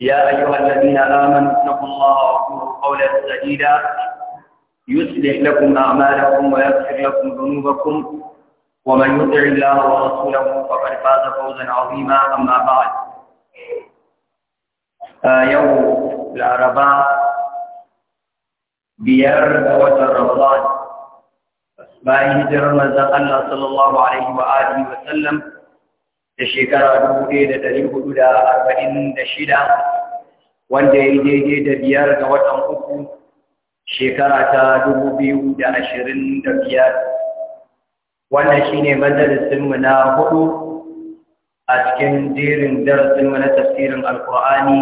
يا أيها الذين آمنوا اتقوا الله وقولوا قولا سديدا يصلح لكم أعمالكم ويغفر لكم ذنوبكم ومن يطع الله ورسوله فقد فاز فوزا عظيما أما بعد آه، يوم العرباء بيار ga الرمضان Ramadan bayan hijirar الله Allah sallallahu alaihi wa da shekara dubu ɗaya da ɗari hudu da arba'in da shida wanda ya yi daidai da biyar ga watan uku shekara ta dubu biyu da ashirin da biyar wannan shi ne majalisinmu na hudu a cikin jerin darasinmu na tafsirin alkur'ani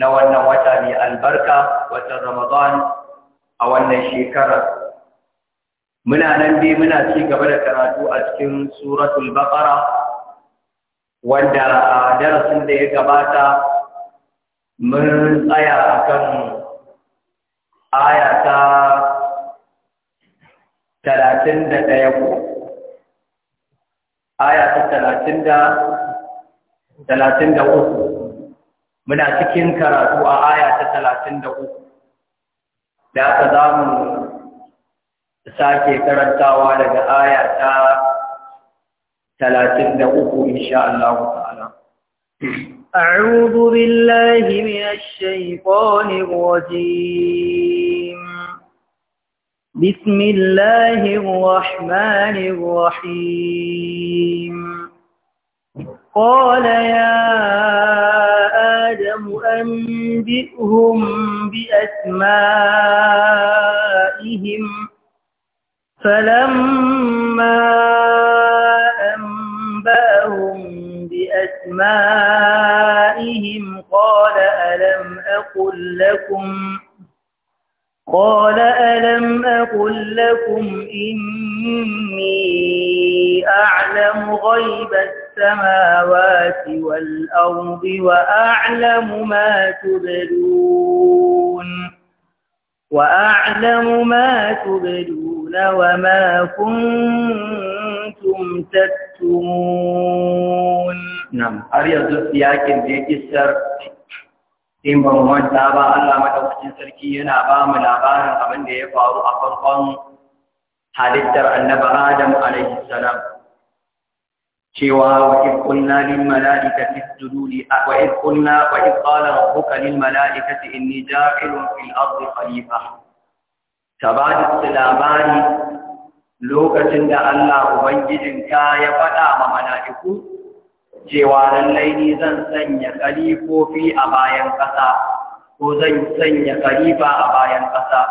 na wannan wata mai albarka watan ramadan a wannan shekara muna nan dai muna ci gaba da karatu a cikin suratul baqara wanda a darasin da ya gabata mun tsaya a kan ayata talatin da ɗaya ko ayata talatin da talatin da uku muna cikin karatu a ayata talatin da uku da aka za mu sake karantawa daga ayata ثلاثين دقوة إن شاء الله تعالى أعوذ بالله من الشيطان الرجيم بسم الله الرحمن الرحيم قال يا آدم أنبئهم بأسمائهم فلما أنباهم بأسمائهم قال ألم أقل لكم قال ألم أقل لكم إني أعلم غيب السماوات والأرض وأعلم ما تبدون وأعلم ما تبدون تبدون وما كنتم تكتمون نعم أريد السياق الذي يكسر إن بمهن تابع الله ما توقفين سركيين أبا من أبا من دي فارو أفرقان حديث در آدم عليه السلام شوا وإذ قلنا للملائكة اسجدوا لي وإذ قلنا وإذ قال ربك للملائكة إني جاعل في الأرض خليفة ta ba labari lokacin da Allah Ubangijinka ya faɗa ma mala'iku cewa lallai ni zan sanya kalifofi a bayan ƙasa ko zan sanya kalifa a bayan ƙasa.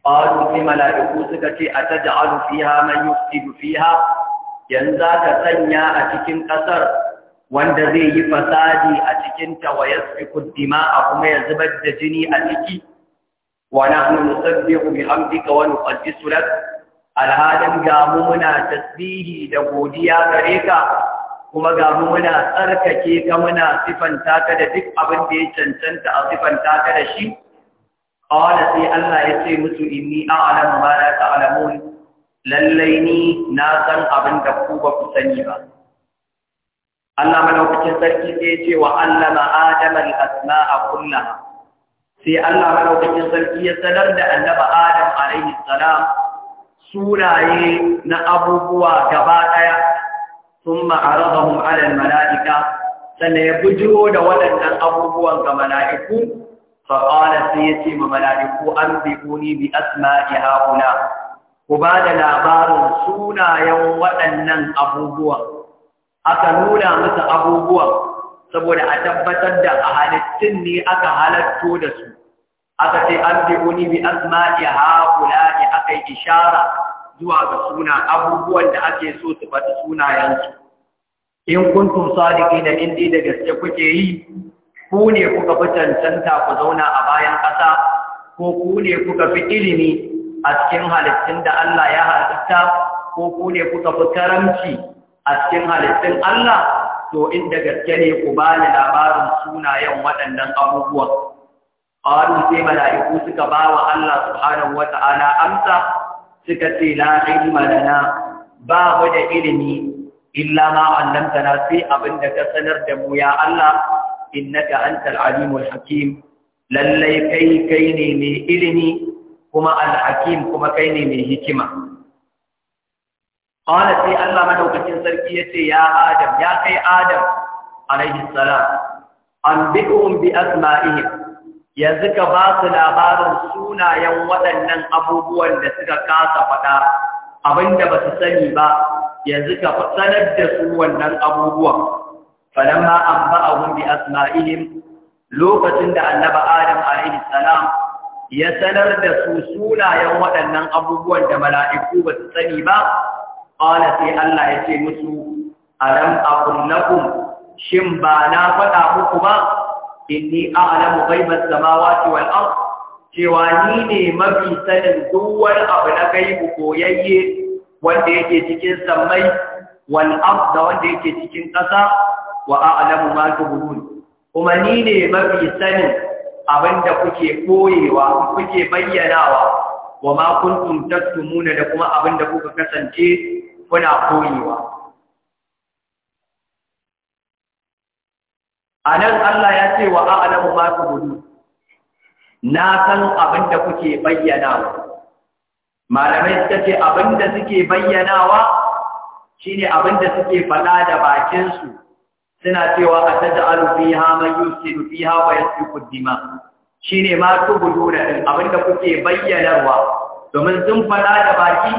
Ƙwaru fi mala'iku suka ce a ta ja'alu fiha man yufsidu fiha yanzu za ka sanya a cikin ƙasar wanda zai yi fasadi a cikinta wa yasfi kuddima a kuma ya zubar da jini a ciki. ونحن نسبح بحمدك ونقدس لك alhalin gamu muna tasbihi da godiya gare kuma gamu muna tsarkake ka muna sifanta ka da duk abin da ya cancanta a sifanta ka da shi qala sai Allah ya ce musu inni a'lamu ma la ta'lamun lallai ni na san abin da ku ku sani ba Allah madaukakin sarki sai ce wa allama adama al-asma'a kullaha sai Allah madaukakin sarki ya sanar da annaba Adam alaihi salam sunaye na abubuwa gaba daya thumma aradahum ala mala'ika. sannan ya bujiro da waɗannan abubuwan ga mala'iku fa qala sai ya ce ma mala'iku anbiquni bi asma'i haƙuna. ku ba da labarin sunayen waɗannan abubuwan aka nuna musu abubuwan saboda a tabbatar da a halittun ne aka halatto da su aka ce an bi wani bi asma'i haula ne aka yi ishara zuwa ga suna abubuwan da ake so su suna sunayensu in kuntum sadiqina da indi da gaske kuke yi ku ne kuka fi cancanta ku zauna a bayan ƙasa ko ku ne kuka fi ilimi a cikin halittun da Allah ya halitta ko ku ne kuka fi karamci a cikin halittun Allah to inda gaske ne ku bani labarin sunayen waɗannan abubuwan qalu sai mala'iku suka ba wa Allah subhanahu wata'ala amsa suka ce la ilma lana ba mu da ilimi illa ma na sai abinda ka sanar da mu ya Allah innaka antal alimul hakim lallai kai kai ne mai ilimi kuma al kuma kai ne mai hikima Ƙwala sai Allah madaukakin sarki ya ce, Ya Adam, ya kai Adam, alaihi salam, an bi'un bi asma'i. yanzu ka ba su labarin sunayen waɗannan abubuwan da suka kasa faɗa abinda ba su sani ba yanzu ka sanar da su wannan abubuwan falamma an a bi asma'ihim lokacin da annaba adam alaihi salam ya sanar da su sunayen waɗannan abubuwan da mala'iku ba su sani ba qala sai Allah ya ce musu alam aqul lakum shin ba na faɗa muku ba inni a'lamu ghaibas samawati wal ard cewa ni ne mafi sanin duk wani abu na gaibu koyayye wanda yake cikin sammai wal ard da wanda yake cikin ƙasa wa a'lamu ma tubun kuma ni ne mafi sanin abinda kuke koyewa kuke bayyanawa wa ma kuntum taktumuna da kuma abinda kuka kasance kuna koyewa a nan Allah ya ce wa a'lamu ma gudu. na san abin da kuke bayyanawa malamai suka ce abin da suke bayyanawa shine abin da suke faɗa da bakinsu suna cewa a ta fiha man yusidu fiha wa yasfiku dima shine ma tubuduna din abin da kuke bayyanarwa domin sun faɗa da baki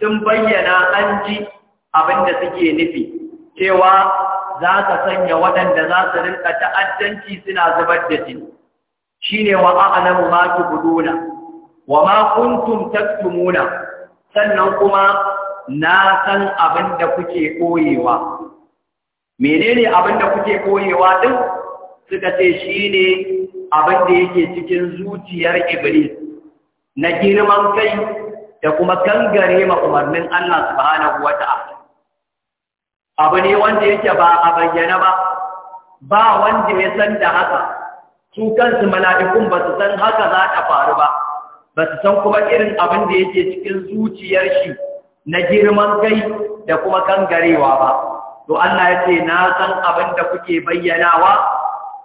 sun bayyana an ji abin da suke nufi cewa za ka sanya waɗanda za su rinka ta'addanci suna zubar da jini ne wa a'lamu ma buduna wa ma kuntum taktumuna sannan kuma na san abin da kuke koyewa menene abin da kuke koyewa din suka ce shi ne abin da yake cikin zuciyar iblis na girman kai da kuma gangare ma umarnin Allah subhanahu ta'ala abu ne wanda yake ba a bayyana ba ba wanda ya san da haka su kansu mala'ikun ba su san haka za ta faru ba ba su san kuma irin abin da yake cikin zuciyar shi na girman kai da kuma kangarewa ba to Allah ya ce na san abin da kuke bayyanawa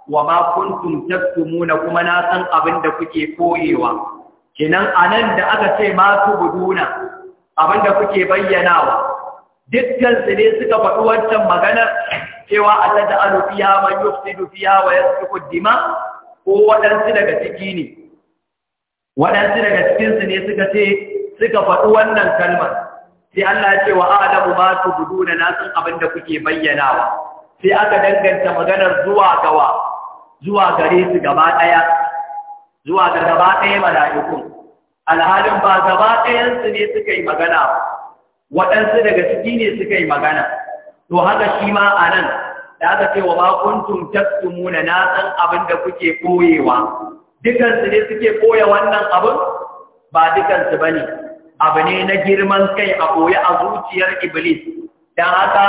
wa ma kuntum kuma na san abin da kuke koyewa kenan anan da aka ce masu tubuduna abin da kuke bayyanawa dukkan su ne suka faɗi wancan magana cewa a ta da'alu fiya man yufti fiya wa ku dima ko waɗansu daga ciki ne waɗansu daga cikin su ne suka ce suka faɗi wannan kalmar sai Allah ya ce wa a'lamu ma gudu na nasu abin da kuke bayyanawa sai aka danganta maganar zuwa gawa zuwa gare su gaba ɗaya zuwa ga gaba ɗaya mala'ikun alhalin ba gaba ɗayansu ne suka yi magana waɗansu daga ciki ne suka yi magana to haka shi ma a nan da aka ce wa makuntun tattumuna na san abin da kuke koyewa dukansu ne suke koya wannan abin ba dukansu ba ne abu ne na girman kai a koyi a zuciyar iblis don haka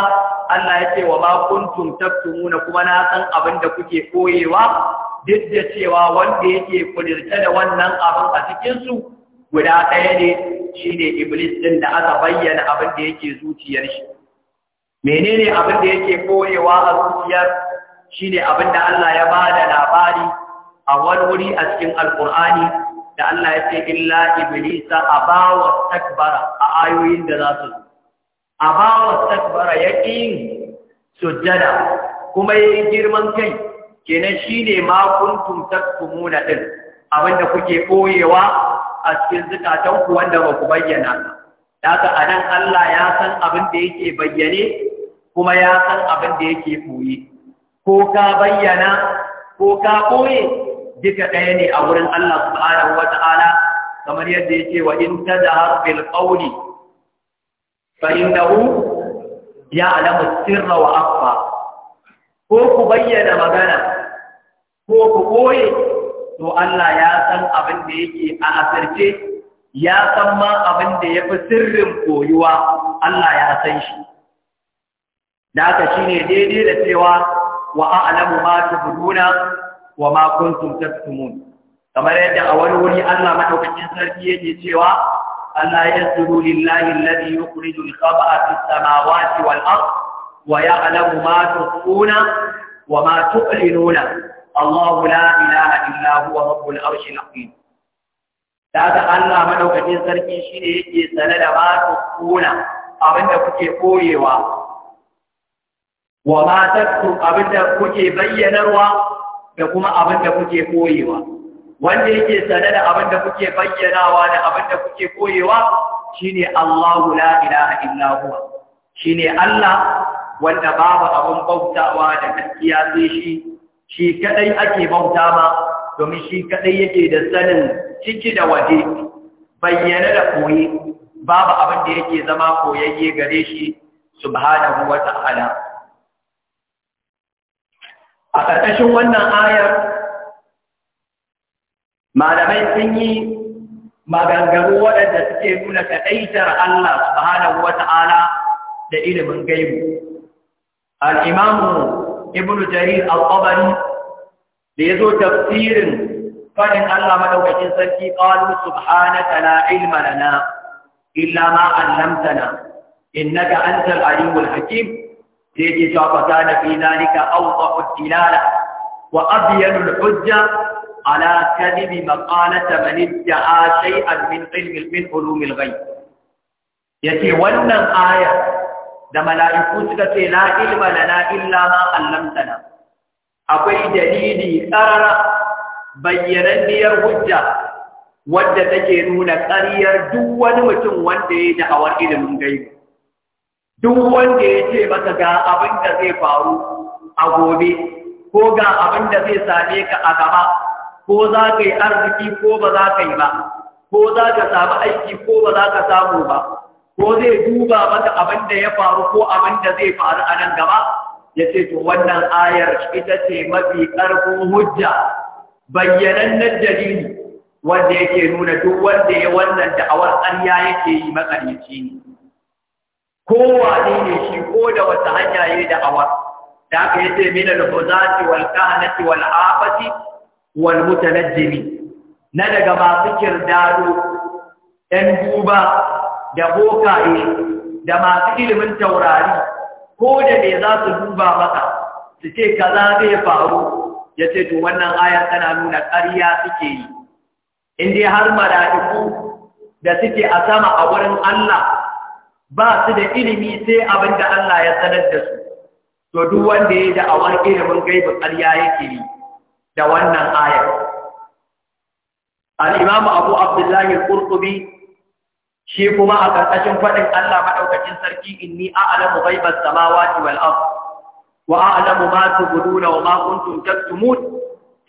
Allah ya ce wa makuntum tattumuna kuma na san abin da kuke koyewa duk da cewa wanda yake kudirce da wannan abin a cikinsu guda ɗaya ne shine iblis ɗin da aka bayyana abin da yake zuciyar shi menene abin da yake koyewa a zuciyar shine abin da Allah ya bada labari a wani wuri a cikin alkur'ani da Allah ya ce illa iblisa wa takbara a ayoyin da za su zo abawa takbara ya yin sujjada kuma ya yi girman kai kenan shine ma kuntum ɗin, din da kuke koyewa a cikin zukatanku wanda ba ku bayyana daga a nan Allah ya san abin da yake bayyane kuma ya san abin da yake ɓoye. ko ka bayyana ko ka ɓoye, duka ɗaya ne a wurin Allah subhanahu wa ta'ala kamar yadda yake wa in tadhar bil qawli fa innahu ya'lamu sirra wa akhfa ko ku bayyana magana ko ku ɓoye. to Allah ya san abin da yake a asirce ya san ma abin da ya fi sirrin koyuwa Allah ya san shi da shi ne daidai da cewa wa a'lamu ma tubduna wa ma kuntum taktumun kamar yadda a wani wuri Allah madaukakin sarki yake cewa ألا يسجد لله الذي يخرج الخبأ في السماوات والأرض ويعلم ما تخفون وما تعلنون الله لا إله إلا هو رب العرش العظيم da ga Allah madaukakin sarki shine yake sane da ba ku kuna abinda kuke koyewa wa ma tattu abinda kuke bayyanarwa da kuma abinda kuke koyewa wanda yake sane da abinda kuke bayyanawa da abinda kuke koyewa shine Allahu la ilaha illa huwa shine Allah wanda babu abin bautawa da gaskiya sai shi shi kadai ake bauta ma domin shi kadai yake da sanin ciki da waje bayyana da koyi babu abin da yake zama koyayye gare shi subhanahu wa ta'ala a ƙarƙashin wannan ayar malamai sun yi maganganu waɗanda suke nuna kaɗaitar Allah subhanahu wa ta'ala da ilimin gaibu al'imamu ibnu jarir al-tabari da yazo tafsirin fadin Allah madaukakin sarki qalu subhanaka la ilma lana illa ma 'allamtana innaka antal alimul hakim sai yake cewa fa kana fi zalika awdahu tilala wa abyanu al-hujja ala kadhibi maqalata man idda'a shay'an min ilmi min ulumil ghaib yace wannan aya da mala'iku suka ce la ilma lana illa ma 'allamtana akwai dalili qarara bayyananniyar hujja wadda take nuna ƙaryar duk wani mutum wanda ya da awar ilimin gaibi duk wanda ya ce maka ga abin da zai faru a gobe ko ga abin da zai same ka a gaba ko za ka yi arziki ko ba za ka yi ba ko za ka samu aiki ko ba za ka samu ba ko zai duba mata abin da ya faru ko abin da zai faru a nan gaba ya ce to wannan ayar ita ce mafi ƙarfin hujja bayyanannen dalili wanda yake nuna duk wanda ya wannan da'awar ƙarya yake yi makaryaci ne kowane ne shi ko da wata hanya ya yi da'awar da aka yace mina al-huzati wal kahnati wal afati wal mutanajjimi na daga masu kirdado ɗan duba da bokaye da masu ilimin taurari ko da me za su duba maka? su ce kaza zai faru ya ce to wannan ayan tana nuna ƙarya suke yi in dai har mara'iku da suke a sama a wurin Allah ba su da ilimi sai abin da Allah ya sanar da su to duk wanda ya da da'awar ilimin gaibin ƙarya yake yi da wannan ayar al-imam Abu Abdullahi al-Qurtubi shi kuma a ƙarƙashin faɗin Allah maɗaukacin sarki inni a'lamu ghaibas samawati wal ard wa a'lamu ma tubduna wa ma kuntum taktumun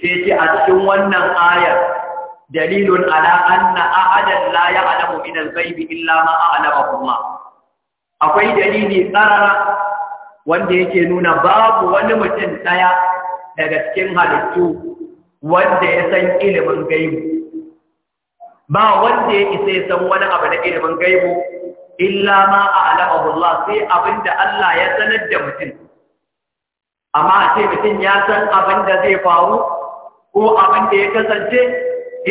sai ce a cikin wannan ayar dalilun ala anna ahadan la ya'lamu min al-ghaib illa ma a'lamahu Allah akwai dalili tsarara wanda yake nuna babu wani mutum ɗaya daga cikin halittu wanda ya san ilimin gaibu ba wanda ya isa ya san wani abu na ilimin gaibu illa ma a'lamahu Allah sai abinda Allah ya sanar da mutum amma a ce mutum ya san abin da zai faru ko abin da ya kasance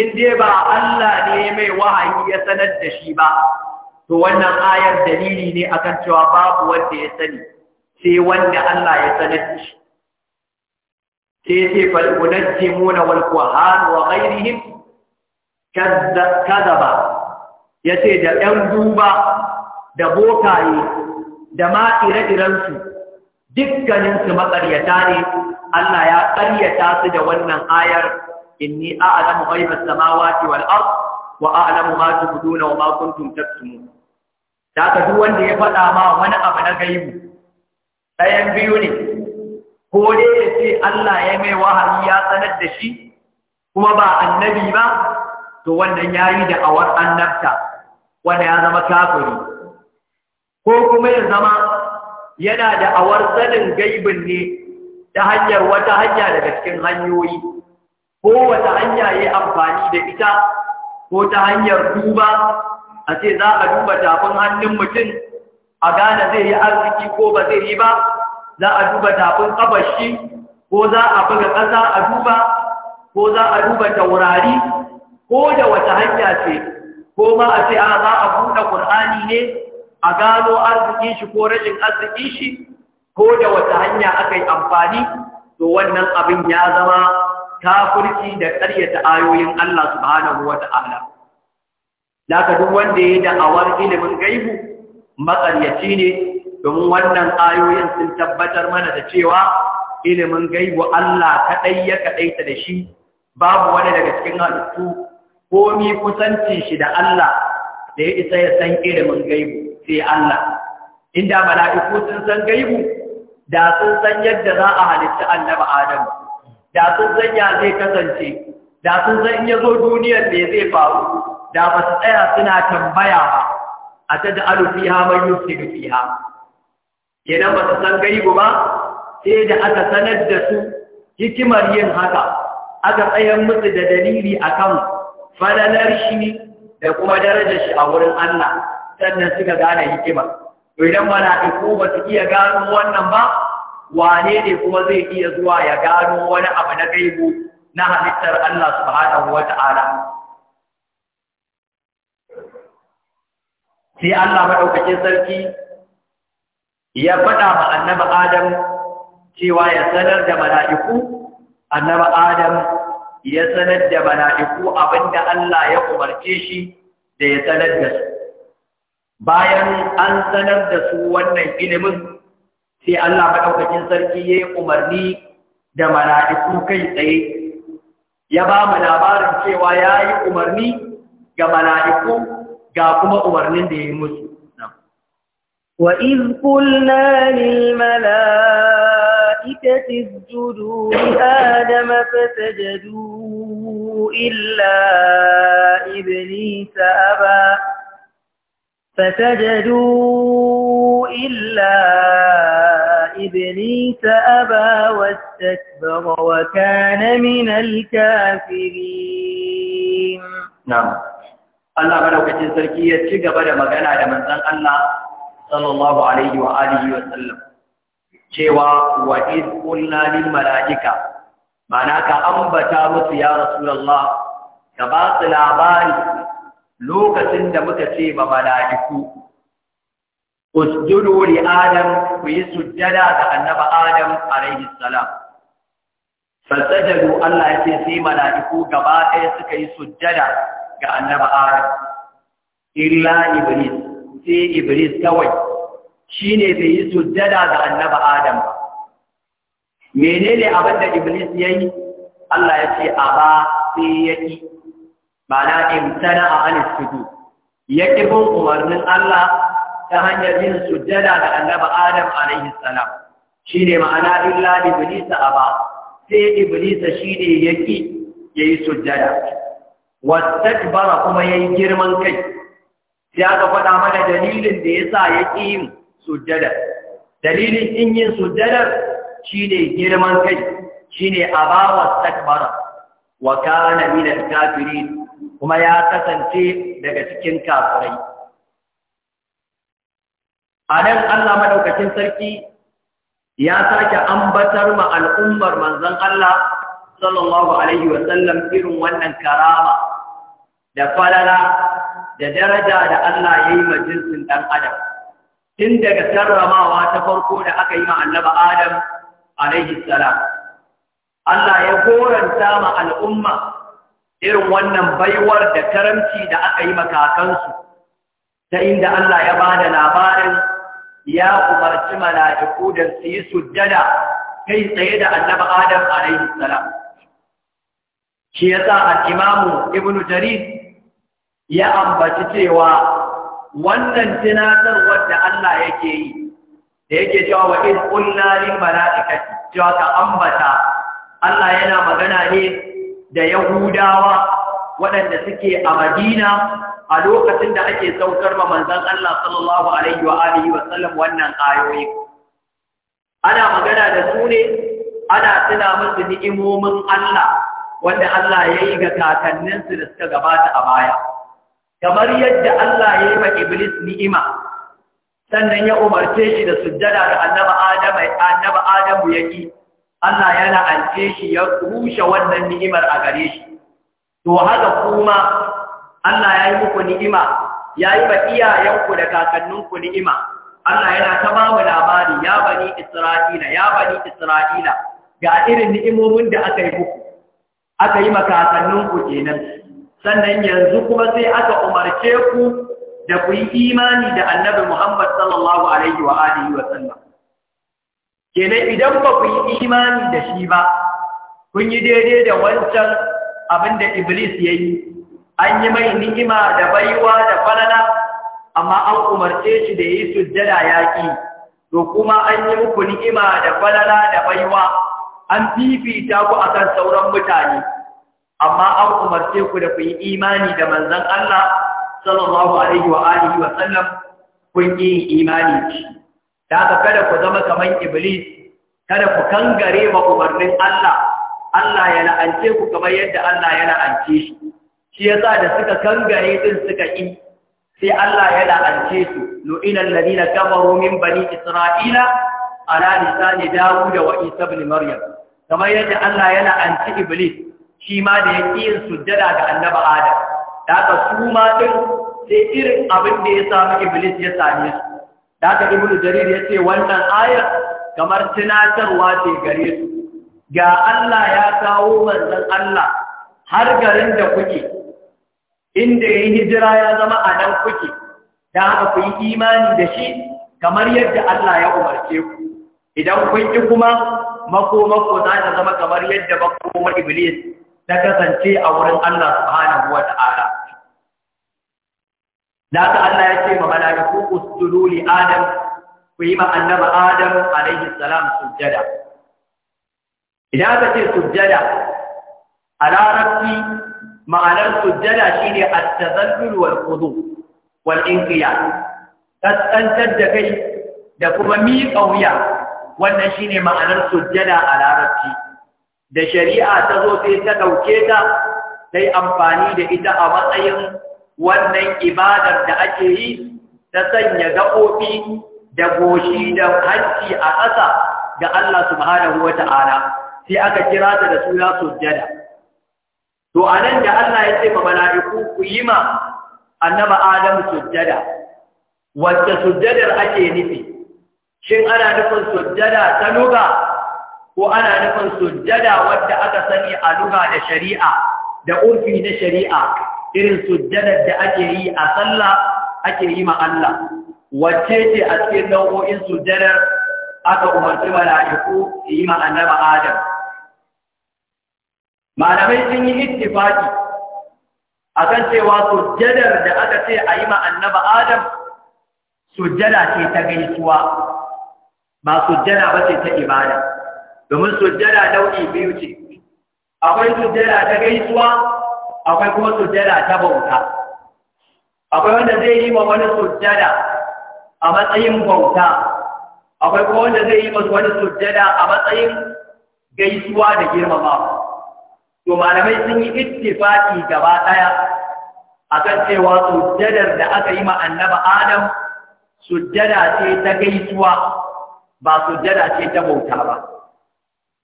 in dai ba Allah ne mai wahayi ya sanar da shi ba to wannan ayar dalili ne akan cewa babu wanda ya sani sai wanda Allah ya sanar da shi sai sai fal kunajjimuna wal kuhan wa ghairihim kazaba ya ce da ‘yan duba da bokaye da ma ire-irensu dukkaninsu matsaryata ne Allah ya ƙaryata su da wannan ayar inni a'lamu ghaibas samawati wal ard wa a'lamu ma tubduna wa ma kuntum taktumun da ka duk wanda ya faɗa ma wani abu na gaibu ɗayan biyu ne ko dai ya ce Allah ya mai wahayi ya sanar da shi kuma ba annabi ba to wannan ya yi da awar annabta wanda ya zama kafiri ko kuma ya zama yana da awar sanin gaibin ne ta hanyar wata hanya daga cikin hanyoyi ko wata hanya ya amfani da ita ko ta hanyar duba a ce za a duba tafin hannun mutum a gane zai yi arziki ko ba zai yi ba za a duba tafin kabashi ko za a buga ƙasa a duba ko za a duba taurari ko da wata hanya ce ko ma a ce a za a buɗe ƙur'ani ne a gano arzikin shi ko rashin arzikin shi ko da wata hanya aka yi amfani to wannan abin ya zama kafirci da ƙaryata ayoyin Allah subhanahu wa ta'ala Laka duk wanda ya da'awar ilimin gaibu matsaryaci ne domin wannan ayoyin sun tabbatar mana da cewa ilimin gaibu Allah kaɗai ya kaɗaita da shi babu wani daga cikin halittu komi kusanci shi da Allah da ya isa ya san ilimin gaibu sai Allah inda mala'iku sun san gaibu da sun san yadda za a halitta annaba Adam da sun san ya zai kasance da sun san in ya zo duniyar me zai faru da ba su tsaya suna tambaya ba a ta da alufi ha mai fiha Yana ba su san gaibu ba sai da aka sanar da su hikimar yin haka aka tsayar musu da dalili akan falalar shi da kuma darajar shi a wurin Allah sannan suka gane hikima to idan mala'iku ba su iya gano wannan ba wane ne kuma zai iya zuwa ya gano wani abu na gaibu na halittar Allah subhanahu wata'ala sai Allah madaukakin sarki ya faɗa ma annabi Adam cewa ya sanar da mala'iku annabi Adam ya sanar da mala'iku abinda Allah ya umarce shi da ya sanar da su bayan an sanar da su wannan ilimin sai Allah madaukakin sarki ya yi umarni da mala'iku kai tsaye ya ba mu labarin cewa ya yi umarni ga mala'iku ga kuma umarnin da ya yi musu وَإِذْ قُلْنَا لِلْمَلَائِكَةِ الملائكة اسجدوا لآدم فسجدوا إلا إبليس أبى فسجدوا إلا إبليس أبى واستكبر وكان من الكافرين نعم الله بارك في سركيه كي غبره magana da manzan Allah sallallahu alaihi wa alihi wa cewa wa iz qulna lil malaika mana ka ambata musu ya rasulullah ka ba su labari lokacin da muka ce ba malaiku usjudu li adam ku yi sujjada ga annaba adam alaihi salam fasajadu Allah ya ce sai malaiku gaba ɗaya suka yi sujjada ga annaba adam illa iblis sai iblis kawai shi ne bai yi sujjada ga annaba Adam ba. Menene abin da Iblis ya yi? Allah ya ce, a ba sai ya ƙi, ba na imtana a alis fito, ya ƙi bin umarnin Allah ta hanyar yin sujjada ga annaba Adam a alaihi salam. Shi ne ma'ana illa Iblisa a ba, sai Iblisa shi ne ya ƙi ya yi sujjada. Wata bara kuma ya yi girman kai, Ya ga faɗa mana dalilin da ya sa ya ƙi yin sujjada dalilin in yin sujjada shine girman kai shine abawa takbara wa kana min al-kafirin kuma ya kasance daga cikin kafirai anan Allah madaukakin sarki ya sake ambatar ma al'ummar manzon Allah sallallahu alaihi wa sallam irin wannan karama da falala da daraja da Allah ya yi ma jinsin ɗan adam tun daga sarramawa ta farko da aka yi ma annaba Adam alaihi salam Allah ya koranta ma al'umma irin wannan baiwar da karamci da aka yi makakansu ta inda Allah ya da labarin ya umarci mala'iku da su yi sujjada kai tsaye da annaba Adam alaihi salam shi yasa sa imam Ibn Jarir ya ambaci cewa wannan tunatarwar da Allah yake yi da yake cewa wa in qulna lil malaikati cewa ka ambata Allah yana magana ne da Yahudawa waɗanda suke a Madina a lokacin da ake saukar ma manzon Allah sallallahu alaihi wa alihi wa sallam wannan ayoyi ana magana da su ne ana tuna musu ni'imomin Allah wanda Allah ya yi ga kakanninsu da suka gabata a baya kamar yadda Allah ya yi ma Iblis ni'ima sannan ya umarce shi da sujjada da annaba Adam annaba Adamu yaki Allah ya la'ance shi ya rushe wannan ni'imar a gare shi to haka kuma Allah ya yi muku ni'ima ya yi ba iyayenku da kakanninku ni'ima Allah yana ta ba mu labari ya bani Isra'ila ya bani Isra'ila ga irin ni'imomin da aka yi muku aka yi ku kenan sannan yanzu kuma sai aka umarce ku da ku yi imani da annabi Muhammad sallallahu alaihi wa alihi wa sallam kenan idan ba ku yi imani da shi ba kun yi daidai da wancan abin da Iblis ya yi an yi mai ni'ima da baiwa da falala amma an umarce shi da yi sujjada yaƙi to kuma an yi muku ni'ima da falala da baiwa an fifita ku akan sauran mutane amma an umarce ku da ku yi imani da manzan Allah sallallahu alaihi wa alihi wa sallam kun yi imani shi da haka kada ku zama kaman iblis kada ku kangare ma umarnin Allah Allah ya la'ance ku kamar yadda Allah ya la'ance shi shi yasa da suka kangare din suka yi sai Allah ya la'ance su lu'ina alladhina kafaru min bani isra'ila ala lisani dawud wa isa ibn maryam kamar yadda Allah ya la'anci iblis shi ma da ya ƙi yin sujjada ga annaba adam da aka su ma ɗin sai irin abin da ya samu iblis ya same su da haka ibnu jarir ya ce wannan ayar kamar tunatarwa ce gare su ga Allah ya kawo manzan Allah har garin da kuke inda ya yi hijira ya zama a nan kuke da aka ku yi imani da shi kamar yadda Allah ya umarce ku idan kun ki kuma makomako za ta zama kamar yadda makomar iblis ta kasance a wurin Allah subhanahu wa ta'ala da ka Allah ya ce ma malaiku usjudu li adam ku yi ma annabi adam alaihi salam sujjada idan aka ce sujjada a larabci ma'anar sujjada shine at-tazallul wal khudu wal kaskantar da kai da kuma miƙa wuya wannan shine ma'anar sujjada a da shari'a ta zo sai ta ɗauke ta sai amfani da ita a matsayin wannan ibadar da ake yi ta sanya gaɓoɓi da goshi da hanci a ƙasa ga Allah subhanahu wa sai aka kira ta da suna sujjada. To a nan da Allah ya ce ma mala'iku ku yi ma annaba Adam sujjada, wacce sujjadar ake nufi, shin ana nufin sujjada ta nuga ko ana nufin sujjada wadda aka sani a lugha da shari'a da urfi na shari'a irin sujjadar da ake yi a sallah ake yi ma Allah wacce ce a cikin nau'o'in sujjadar aka umarci mala'iku su yi ma annaba Adam malamai sun yi ittifaki akan cewa sujjadar da aka ce a yi ma annaba Adam sujjada ce ta gaisuwa ba sujjada ba ce ta ibada domin sujjada nau'i biyu ce akwai sujjada ta gaisuwa akwai kuma sujjada ta bauta akwai wanda zai yi ma wani sujjada a matsayin bauta akwai kuma wanda zai yi ma wani sujjada a matsayin gaisuwa da girmama to malamai sun yi ittifaki gaba daya akan cewa sujjadar da aka yi ma annaba adam sujjada ce ta gaisuwa ba sujjada ce ta bauta ba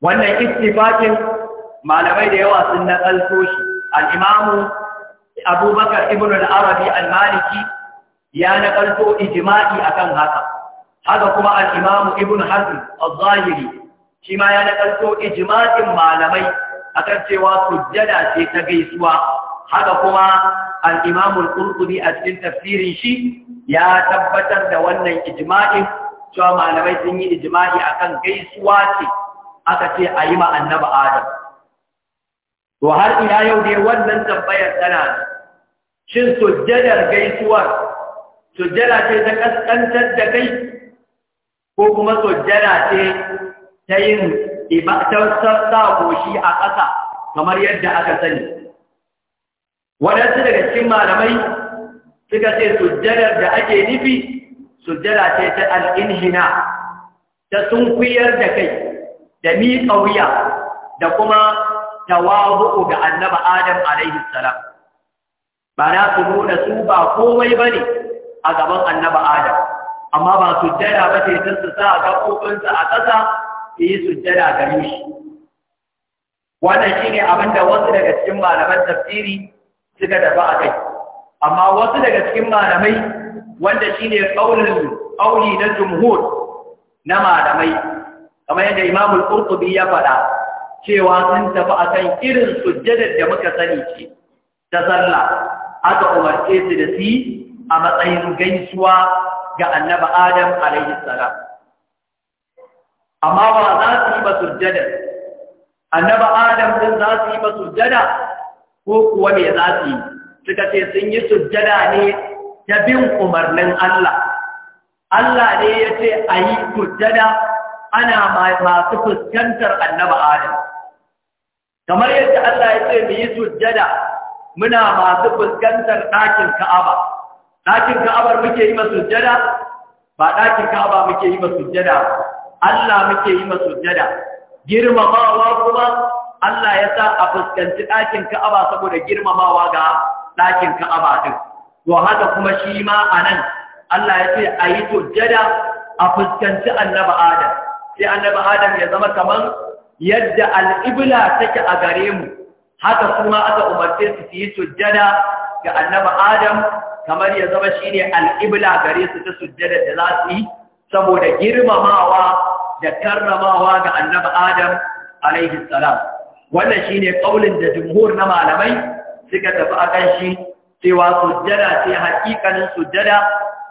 wannan ittifaqin malamai da yawa sun nakalto shi al-imamu abubakar ibn al-arabi al-maliki ya nakalto ijma'i akan haka haka kuma al-imamu ibn hazm al-zahiri shi ma ya nakalto ijma'in malamai akan cewa sujjada ce ta gaisuwa haka kuma al-imamu al-qurtubi a cikin tafsirin shi ya tabbatar da wannan ijma'in cewa malamai sun yi ijma'i akan gaisuwa ce aka ce a yi ma annaba adam to har ina yau dai wannan tambayar tana shin sujjadar gaisuwar sujjada ce ta kaskantar da kai ko kuma sujjada ce ta yin ibatar goshi a ƙasa kamar yadda aka sani waɗansu daga cikin malamai suka ce sujjadar da ake nufi sujjada ce ta al'inhina ta sunkuyar da kai da mi tsawiya da kuma tawazu'u ga annaba Adam alaihi salam ba na su nuna su ba komai ba ne a gaban annaba Adam amma ba su sujjada ba sai sun su sa gaɓoɓinsa a ƙasa su yi su sujjada gare shi wannan shine abin da wasu daga cikin malaman tafsiri suka dafa a kai amma wasu daga cikin malamai wanda shine ƙaunin ƙauni na jumhur na malamai kamar yadda Imam ya faɗa cewa sun tafi akan irin sujjadar da muka sani ce ta sallah aka umarce su da su a matsayin gaisuwa ga annabi Adam alaihi salam amma ba za su yi ba sujjadar. annabi Adam din za su yi ba sujjada ko kuwa me za su yi suka ce sun yi sujjada ne ta bin umarnin Allah Allah ne ya ce a yi sujjada ana masu fuskantar annaba Adam. Kamar yadda Allah ya ce mu yi sujjada muna masu fuskantar ɗakin Ka'aba. Ɗakin Ka'abar muke yi sujjada ba ɗakin Ka'aba muke yi sujjada Allah muke yi sujjada. Girmamawa kuma Allah ya sa a fuskanci ɗakin Ka'aba saboda girmamawa ga ɗakin Ka'aba din. To haka kuma shi ma a nan Allah ya ce a yi sujjada a fuskanci annaba Adam. sai annabi adam ya zama kamar yadda al'ibla take a gare mu haka kuma aka umarce su yi sujjada ga annabi adam kamar ya zama shine al'ibla gare su ta sujjada da za su yi saboda girmamawa da karramawa ga annabi adam alaihi salam wannan shine ƙaunin da jumhur na malamai suka tafi kan shi cewa sujjada sai hakikanin sujjada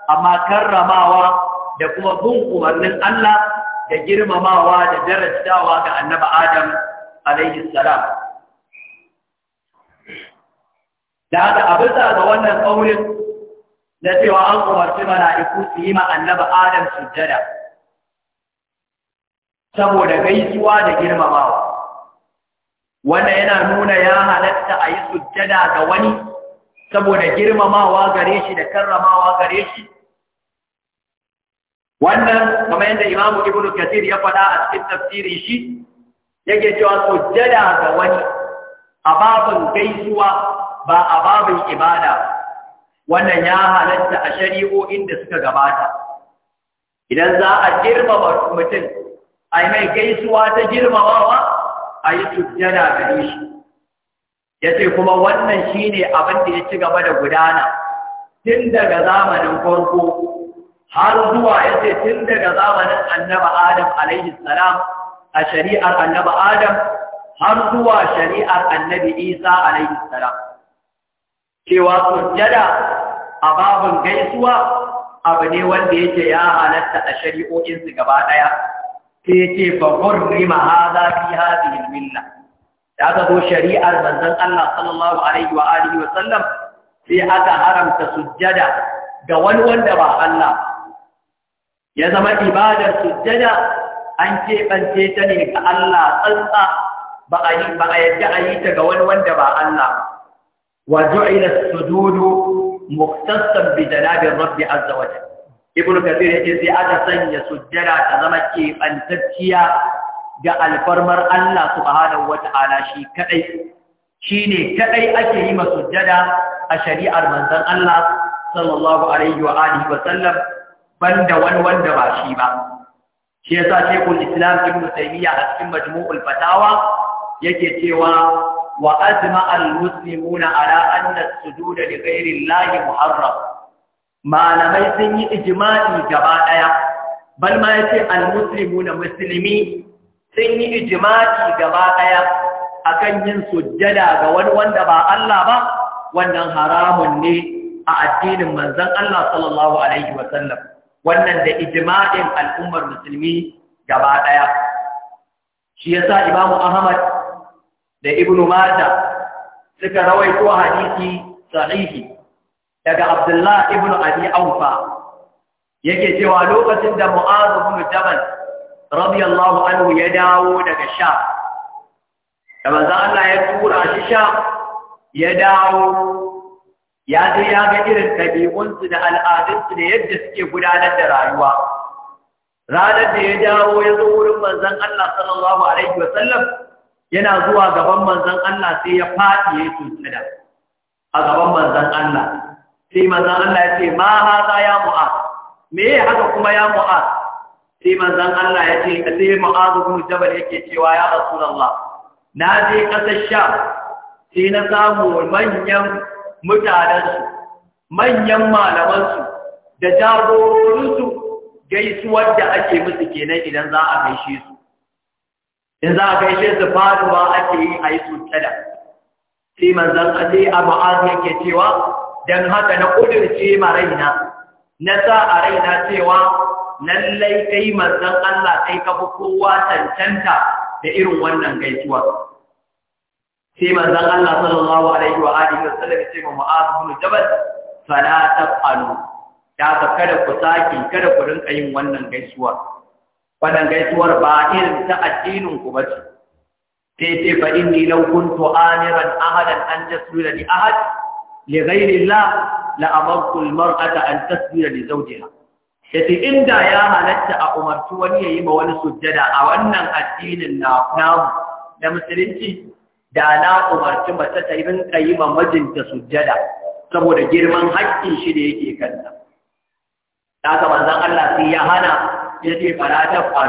amma karramawa da kuma bin umarnin Allah da girmamawa da darajawa ga annabi Adam alaihi salam da haka abin ga wannan kaurin na cewa an umarci mala'iku su yi ma annabi Adam sujjada saboda gaisuwa da girmamawa wanda yana nuna ya halatta a yi sujjada ga wani saboda girmamawa gare shi da karramawa gare shi wannan kamar yadda imamu ibnu kathir ya faɗa a cikin tafsiri shi yake cewa jada ga wani ababun gaisuwa ba a ibada wannan ya halatta a shari'o'in da suka gabata idan za a girmama mutum a yi mai gaisuwa ta girmamawa a yi tujjada ga shi ya ce kuma wannan shine abin da ya ci gaba da gudana tun daga zamanin farko har zuwa yace tun daga zamanin annaba adam alaihi salam a shari'ar annaba adam har zuwa shari'ar annabi isa alaihi salam cewa sujjada a babin gaisuwa abu ne wanda yake ya halatta a shari'o'insu gaba ɗaya sai ce fa hurrima hadha fi hadhihi al-milla da aka zo shari'ar manzon Allah sallallahu alaihi wa alihi wa sallam sai aka haramta sujjada ga wani wanda ba Allah ya zama ibadar sujjada an keɓance ta ne ga Allah tsantsa ba a yi ba a yadda a yi ta ga wani wanda ba Allah wa ju'ila sujudu muqtasan bi janabi rabbi azza wa jalla ibnu kathir yace sai aka sanya sujjada ta zama keɓantacciya ga alfarmar Allah subhanahu wa ta'ala shi kadai shine kadai ake yi masujjada a shari'ar manzon Allah sallallahu alaihi wa alihi wa sallam banda wani wanda ba shi ba shi yasa shekul islam ibn taymiya a cikin majmu'ul fatawa yake cewa wa azma al muslimuna ala anna as li ghayri allah muharram malamai sun yi ijma'i gaba daya bal ma yace al muslimuna muslimi sun yi ijma'i gaba daya akan yin sujjada ga wani wanda ba Allah ba wannan haramun ne a addinin manzon Allah sallallahu alaihi wa sallam wannan da ijma'in al'ummar musulmi gaba ɗaya shi yasa Imam Ahmad da Ibn Majah suka rawaito hadisi sahihi daga Abdullah ibn Abi aufa yake cewa lokacin da Mu'adh ibn Jabal radiyallahu anhu ya dawo daga sha da manzo Allah ya tura shi sha ya dawo ya je ya ga irin ɗabi'unsu da al'adunsu da yadda suke gudanar da rayuwa ranar da ya dawo ya zo wurin manzan Allah sallallahu alaihi wa sallam yana zuwa gaban manzan Allah sai ya faɗi ya yi a gaban manzan Allah sai manzan Allah ya ce ma haza ya mu'a me haka kuma ya mu'a sai manzan Allah ya ce sai mu'azu bin jabal yake cewa ya rasu Allah. na je ƙasar sha sai na samu manyan mutanensu manyan malamansu da jagororinsu gaisuwar da ake musu kenan idan za a gaishe su in za a gaishe su faruwa ake yi a yi sujjada sai manzan a ma'az yake cewa don haka na ƙudurce ma raina na sa a raina cewa lallai laifai manzan Allah sai kafa kowa tantanta da irin wannan gaisuwa sai manzon Allah sallallahu alaihi wa alihi wasallam ya ce ma Mu'adh ibn Jabal fala tafalu da ka kada ku saki kada ku rinka yin wannan gaisuwa wannan gaisuwar ba irin ta addinin ku bace sai ce fa inni law kuntu amiran ahadan an tasjuda li ahad li ghayri la amartu al-mar'ata an tasjuda li zawjiha yace inda ya halatta a umarci wani yayi ma wani sujjada a wannan addinin na na musulunci da na umarci mace ta rinka yi ma mijinta sujjada saboda girman haƙƙin shi da yake kanta ka manzon Allah sai ya hana ya ce fara ta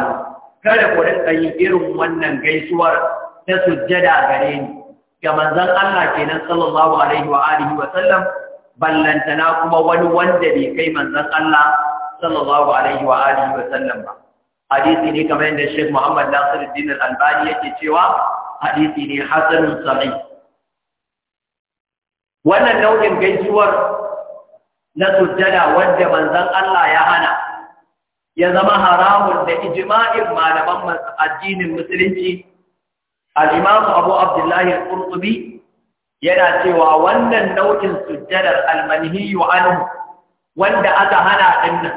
kada ku rinka irin wannan gaisuwar ta sujjada gare ni ga manzon Allah kenan sallallahu alaihi wa alihi wa sallam na kuma wani wanda bai kai manzon Allah sallallahu alaihi wa alihi wa sallam ba hadisi ne kamar yadda Sheikh Muhammad Nasiruddin Al-Albani yake cewa hadisi ne hasanun sahih wannan nau'in gaisuwar na sujjada wanda manzon Allah ya hana ya zama haramun da ijma'in malaman addinin musulunci al-Imam Abu Abdullah al-Qurtubi yana cewa wannan nau'in sujjadar al-manhiyu anhu wanda aka hana dinnan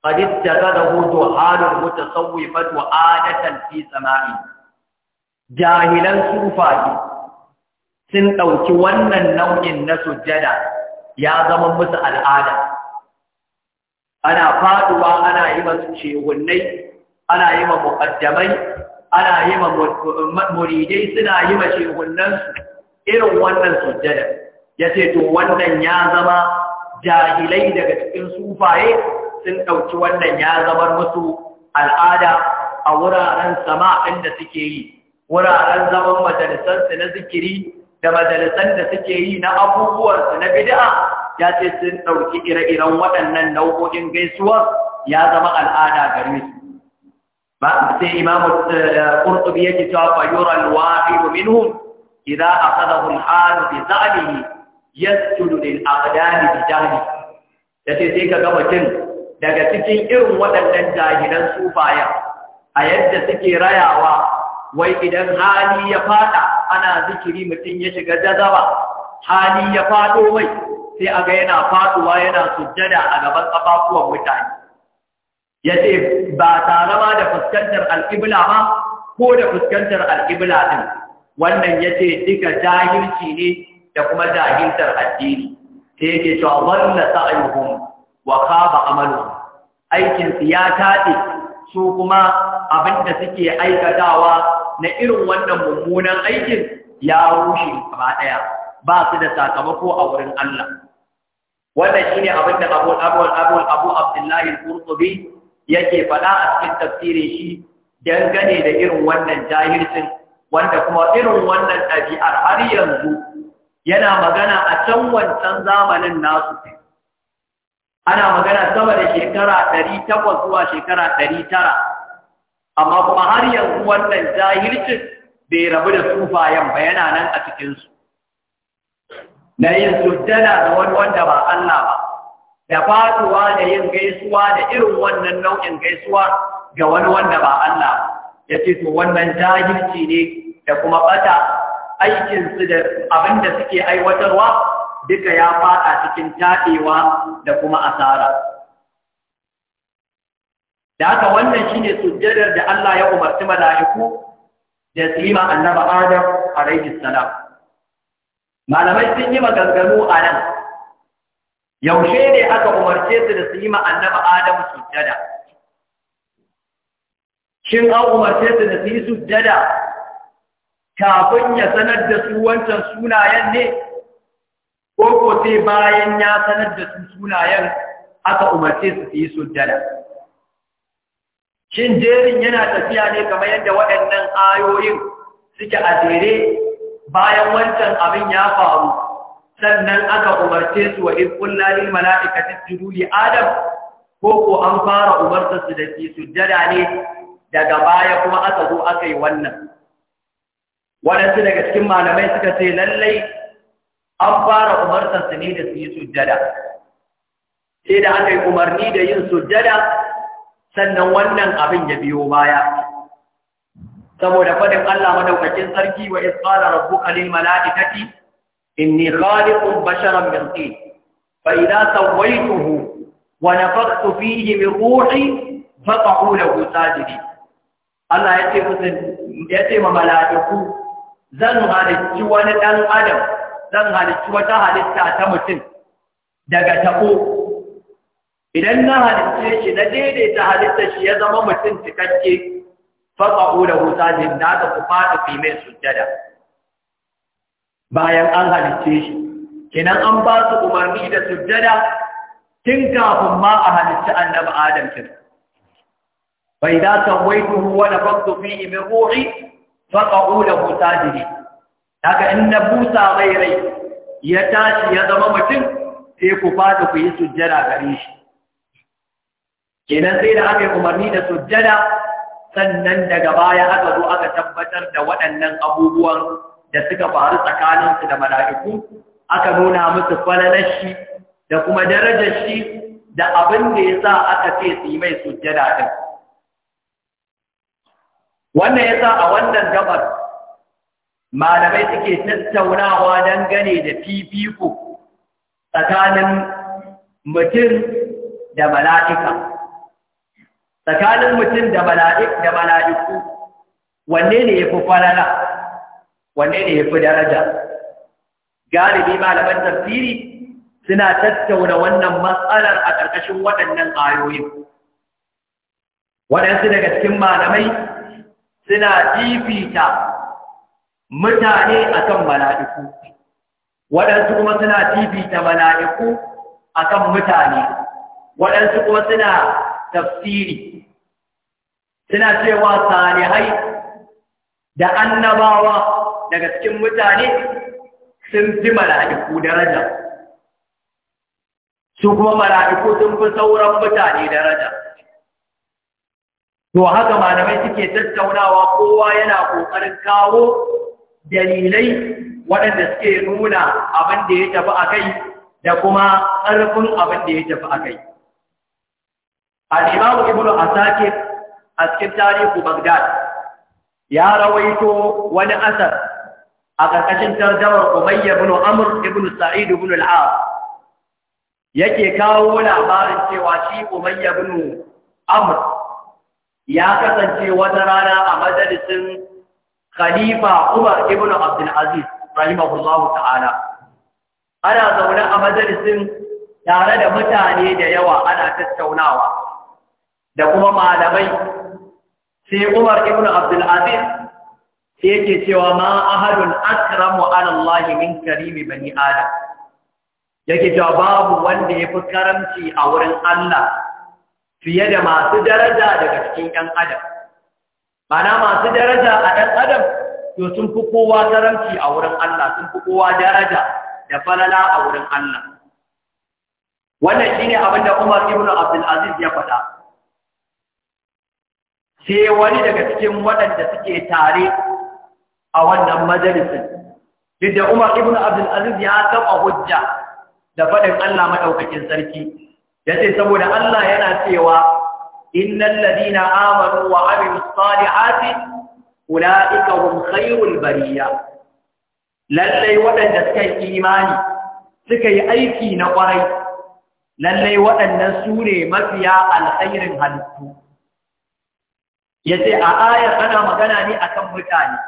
qad ittaqadahu duhalul mutasawwifat wa adatan fi jahilan sufafi sun ɗauki wannan nau'in na sujjada ya zama musu al'ada ana faɗuwa, ana yi masu shegunnai ana yi ma muƙaddamai ana yi ma muridai suna yi ma shegunnansu irin wannan sujjada ya ce to wannan ya zama jahilai daga cikin sufaye sun ɗauki wannan ya zama musu al'ada a wuraren sama inda suke yi wuraren zaman majalisansu na zikiri da majalisan da suke yi na abubuwansu na bid'a ya ce sun ɗauki ire-iren waɗannan nau'o'in gaisuwa ya zama al'ada gare su ba sai imamu ya eh, yake cewa fa yura al-wahidu minhum idza akhadahu al bi zalihi yasjudu lil aqdam bi Ya ce sai gama mutum daga cikin irin waɗannan jahilan sufayan a yadda suke rayawa wai idan hali ya fada ana zikiri mutum ya shiga jazaba hali ya fado mai sai a ga yana faduwa yana sujjada a gaban kafafuwan mutane yace ba tare ma da fuskantar alƙibla ba ko da fuskantar alƙibla din wannan yace duka jahilci ne da kuma jahiltar addini sai yake cewa walla sa'ayuhum wa khaba amaluhum aikin ya tade su kuma abinda suke aikatawa na irin wannan mummunan aikin ya rushe gaba ɗaya ba su da sakamako a wurin Allah wannan shine abin da Abu Abu Abu Abu Abdullahi al-Qurtubi yake faɗa a cikin tafsirin shi dangane da irin wannan jahilcin wanda kuma irin wannan ɗabi'ar har yanzu yana magana a can wancan zamanin nasu ana magana sama da shekara 800 zuwa shekara ɗari tara. amma kuma har yanzu wannan jahilcin bai rabu da sufayen ba yana nan a cikinsu na yin sujjana da wani wanda ba Allah ba da faɗuwa da yin gaisuwa da irin wannan nau'in gaisuwa ga wani wanda ba Allah ya ce to wannan jahilci ne da kuma bata aikinsu da abin da suke aiwatarwa duka ya faɗa cikin taɗewa da kuma asara da haka wannan shi ne sujjadar da Allah ya umarci mala'iku da su yi ma annaba Adam alaihi salam malamai sun yi maganganu a nan yaushe ne aka umarce su da su yi ma annaba Adam sujjada shin an umarce su da su yi sujjada kafin ya sanar da su wancan sunayen ne ko ko sai bayan ya sanar da su sunayen aka umarce su su yi sujjada shin jerin yana tafiya ne kamar yadda waɗannan ayoyin suke a jere bayan wancan abin ya faru sannan aka umarce su wa in kulla lil adam ko ko an fara umarta su da su jada ne daga baya kuma aka zo aka yi wannan waɗansu daga cikin malamai suka ce lallai an fara umarta su ne da su yi sujjada sai da aka yi umarni da yin sujjada sannan wannan abin ya biyo baya saboda fadin Allah madaukakin sarki wa isqala rabbuka lil malaikati inni khaliqun basharan min tin fa idza sawaituhu wa nafakhtu fihi min ruhi faqa'u lahu sajidin Allah yace musu yace ma malaiku zan halicci wani dan adam zan halicci wata halitta ta mutum daga tabo idan na halitta shi na daidaita halitta shi ya zama mutum cikakke fasa'u da hutajin da ku fada fi mai sujjada bayan an halitta shi kinan an ba su umarni da sujjada tun kafin ma a halitta annabi adam kin bai da waituhu wa nafaqtu fihi min ruhi fasa'u da hutajin haka in na busa mai rai ya tashi ya zama mutum sai ku fada ku yi sujjada gare shi kenan sai da aka yi umarni da sujjada sannan daga baya aka zo aka tabbatar da waɗannan abubuwan da suka faru tsakaninsu da mala'iku aka nuna musu falalar shi da kuma darajar shi da abin da ya sa aka ce su yi mai sujjada ɗin wannan ya sa a wannan gabar malamai suke tattaunawa dangane da fifiko tsakanin mutum da mala'ika tsakanin mutum da mala'iku wanne ne ya fi falala wanne ne ya fi daraja galibi malaman tafsiri suna tattauna wannan matsalar a ƙarƙashin waɗannan ayoyi waɗansu daga cikin malamai suna jifita mutane akan mala'iku waɗansu kuma suna jifita mala'iku akan mutane waɗansu kuma suna tafsiri suna cewa salihai da annabawa daga cikin mutane sun fi mala'iku daraja su kuma mala'iku sun fi sauran mutane daraja to haka malamai suke tattaunawa kowa yana ƙoƙarin kawo dalilai waɗanda suke nuna abin da ya tafi a kai da kuma ƙarfin abin da ya tafi a kai al ibn ibnu asakir a cikin tarihu bagdad ya rawaito wani asar a ƙarƙashin tarjamar umayya ibn ibn sa'id ibn al yake kawo labarin cewa shi umayya ibn amr ya kasance wata rana a majalisin khalifa umar ibn Abdulaziz aziz rahimahullahu ta'ala ana zaune a majalisin tare da mutane da yawa ana tattaunawa da kuma malamai sai Umar ibn Abdul Aziz sai yake cewa ma ahadun akramu ala Allah min karimi bani Adam yake cewa babu wanda ya fi karamci a wurin Allah fiye da masu daraja daga cikin ‘yan adam. Bana masu daraja a ‘yan adam, to sun fi kowa karamci a wurin Allah, sun fi kowa daraja da falala a wurin Allah. Wannan shine abin abinda Umar Ibn Abdulaziz ya faɗa. sai wani daga cikin waɗanda suke tare a wannan majalisin duk da Umar ibn Abdul Aziz ya taɓa hujja da faɗin Allah maɗaukakin sarki yace saboda Allah yana cewa innal ladina amanu wa amilus salihati ulaika hum khairul bariya lallai waɗanda suka yi imani suka yi aiki na ƙwarai lallai waɗannan su ne mafiya alkhairin halittu ya ce a ayar ana magana ne a kan mutane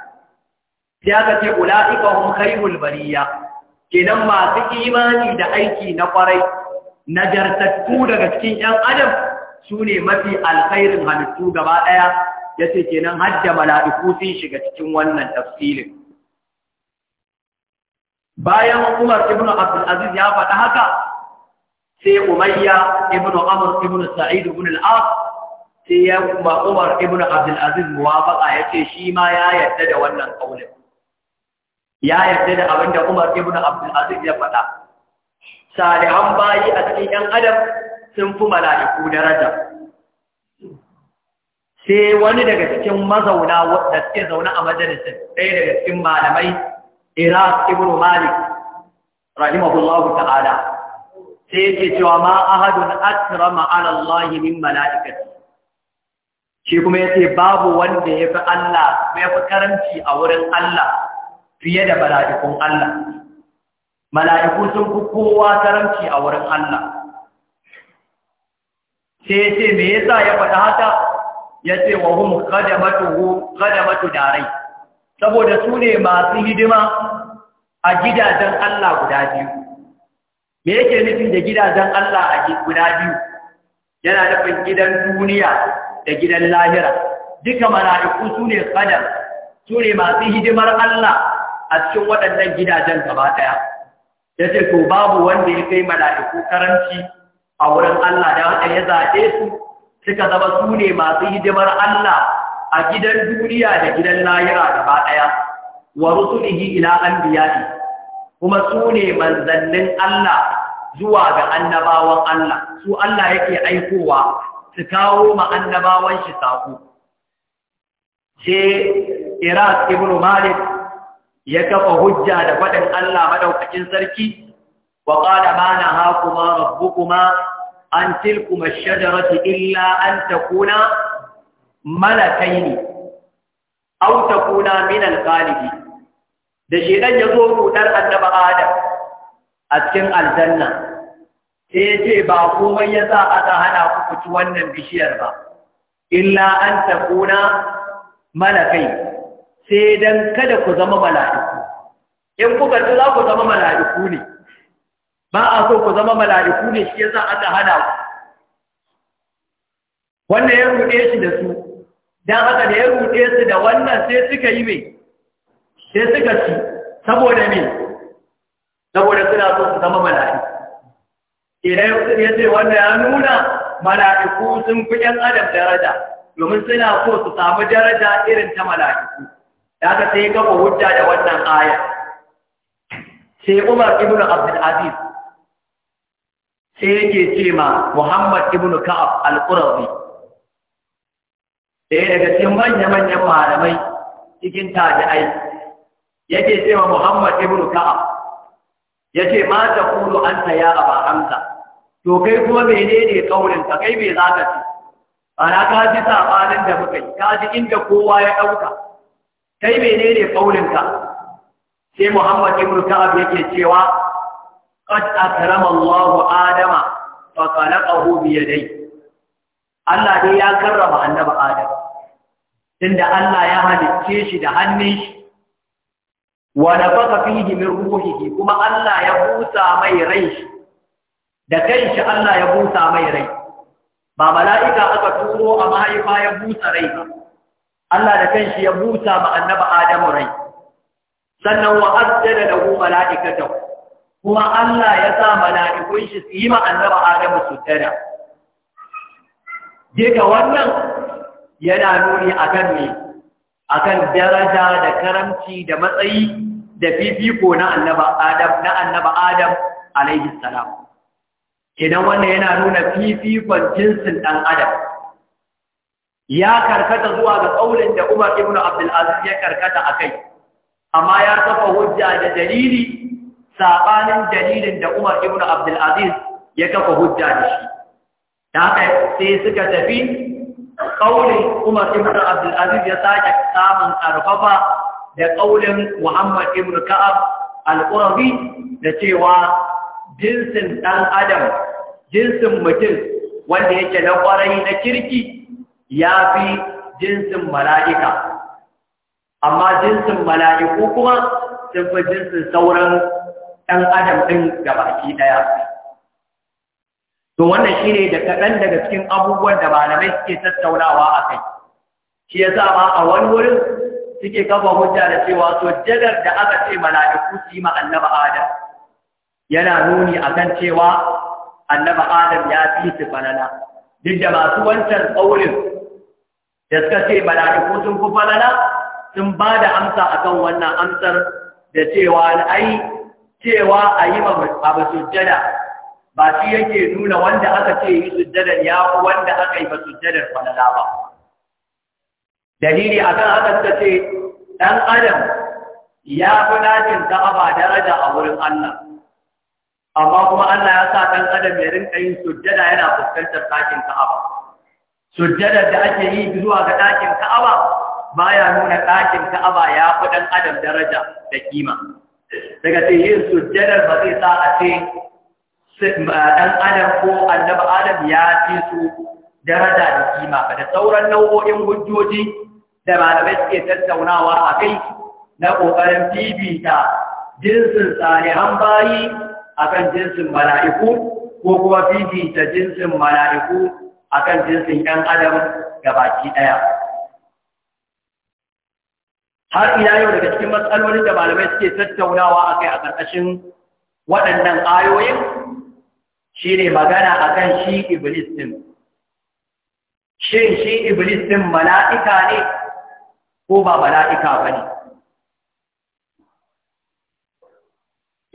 sai aka ce ula'ika kai khairul Ke nan masu imani da aiki na kwarai na jartattu daga cikin ‘yan adam su ne mafi alkhairin halittu gaba ɗaya ya ce ke nan hajja mala'iku sun shiga cikin wannan tafsilin. Bayan Umar ibn aziz ya faɗi haka, sai Umayya ibn amur ibn Sa'id ibn al'af sai ya kuma Umar ibn Abdul Aziz muwafaqa yace shi ma ya yarda da wannan kaulin ya yarda da abinda Umar ibn Abdul ya faɗa salihan bayi a cikin ɗan adam sun fi mala'iku daraja sai wani daga cikin mazauna da suke zaune a majalisar ɗaya daga cikin malamai Iraq ibn Malik rahimahullahu ta'ala sai yake cewa ma ahadun akrama ala allahi min malaikati shi kuma ya ce babu wanda ya fi Allah ya fi karanci a wurin Allah fiye da mala'ikun Allah mala'iku sun fi kowa karanci a wurin Allah sai ya ce me yasa ya faɗa haka ya ce wa hum matu da rai. saboda su ne masu hidima a gidajen Allah guda biyu me yake nufin da gidajen Allah a guda biyu yana nufin gidan duniya da gidan lahira duka mala'iku su ne kadar su ne masu hidimar Allah a cikin waɗannan gidajen gaba ɗaya ya ce ko babu wanda ya kai mala'iku karanci a wurin Allah da wata ya zaɓe su suka zama su ne masu hidimar Allah a gidan duniya da gidan lahira gaba ɗaya wa rusulihi ila anbiya'i kuma su ne manzannin Allah zuwa ga annabawan Allah su Allah yake aikowa su kawo ma annabawan shi saƙo sai Iras ibnu Malik ya kafa hujja da faɗin Allah madaukakin sarki wa qala ma nahakuma rabbukuma an tilkuma ash-shajarati illa an takuna malakaini aw takuna min al-ghalibin da shedan yazo rudar annaba Adam a cikin aljanna sai ce ba komai ya za aka hana ku ci wannan bishiyar ba illa an takuna malakai sai don kada ku zama mala'iku in kuka ci za ku zama mala'iku ne ba a so ku zama mala'iku ne shi yasa aka hana ku wannan ya ruɗe shi da su don haka da ya ruɗe su da wannan sai suka yi mai sai suka ci saboda me saboda suna so su zama mala'iku idan ya ce wannan ya nuna mala'iku sun fi ‘yan adam daraja domin suna so su samu daraja irin ta mala'iku da aka sai gaba hujja da wannan aya sai umar ibn abdulaziz sai yake ce ma muhammad ibn ka'ab al-qurazi ɗaya daga cikin manya-manyan malamai cikin tabi'ai yake ce ma muhammad ibn ka'ab yace ma taqulu anta ya aba hamza to kai kuma menene kaurin ka kai me zaka ci ana ka ji sabanin da muka yi ka ji inda kowa ya dauka kai menene kaurin ka sai Muhammad ibn Ka'ab yake cewa qad akrama Allahu Adama fa khalaqahu bi yadayhi Allah dai ya karrama annabi Adam tunda Allah ya halicce shi da hannun shi wa nafaka fihi min ruhihi kuma Allah ya husa mai rai shi da kanshi Allah ya busa mai rai ba mala'ika aka turo a mahaifa ya busa rai ba Allah da kanshi ya busa ma annaba Adamu rai sannan wa azzara lahu mala'ikatahu kuma Allah ya sa mala'ikun shi su yi ma annaba Adamu sujjada Jika wannan yana nuni akan ne akan daraja da karamci da matsayi da fifiko na annaba Adam na annaba Adam alaihi salam Idan wannan yana nuna fifikon jinsin ɗan adam ya karkata zuwa ga ƙaunin da Umar ibn Abdul Aziz ya karkata kai, amma ya kafa hujja da dalili saɓanin dalilin da Umar ibn Abdul Aziz ya kafa hujja da shi da haka sai suka tafi ƙaunin Umar ibn Abdul Aziz ya sake samun ƙarfafa da ƙaunin Muhammad ibn Ka'ab al-Qurabi da cewa jinsin ɗan adam jinsin mutum wanda yake na ƙwarai na kirki ya fi jinsin mala'ika amma jinsin mala'iku kuma sun fi jinsin sauran ɗan adam ɗin ga baki ɗaya to wannan shi ne da kaɗan daga cikin abubuwan da malamai suke tattaunawa a kai shi ya ma a wani wurin suke kafa hujja da cewa jagar da aka ce mala'iku su yi ma annaba adam yana nuni akan cewa annaba adam ya fi su falala duk da masu wancan tsaurin da suka ce mala'iku sun fi falala sun ba da amsa akan wannan amsar da cewa ai cewa a yi abu sujjada ba shi yake nuna wanda aka ce yi sujjada ya wanda aka yi ba sujjada falala ba dalili akan haka suka ce ɗan adam ya fi nacin ka'aba daraja a wurin Allah amma kuma Allah ya sa ɗan adam ya rinka yin sujjada yana fuskantar ɗakin Ka'aba sujjada da ake yi zuwa ga ɗakin Ka'aba baya nuna ɗakin Ka'aba ya fi ɗan adam daraja da kima daga ce yin sujjadar ba zai sa a ce eh, ɗan adam ko annabi adam ya fi su daraja da kima da sauran nau'o'in hujjoji da malamai suke tattaunawa a kai na ƙoƙarin ta jinsin tsarihan bayi akan jinsin mala'iku ko kuma fifita jinsin mala'iku akan jinsin ‘yan adam baki ɗaya. Har ina yau daga cikin matsalolin da malamai suke tattaunawa a kai a ƙarƙashin waɗannan ayoyin shi ne magana a kan shi Iblis ɗin. Shin shi Iblis ɗin mala'ika ne ko ba mala'ika ba ne?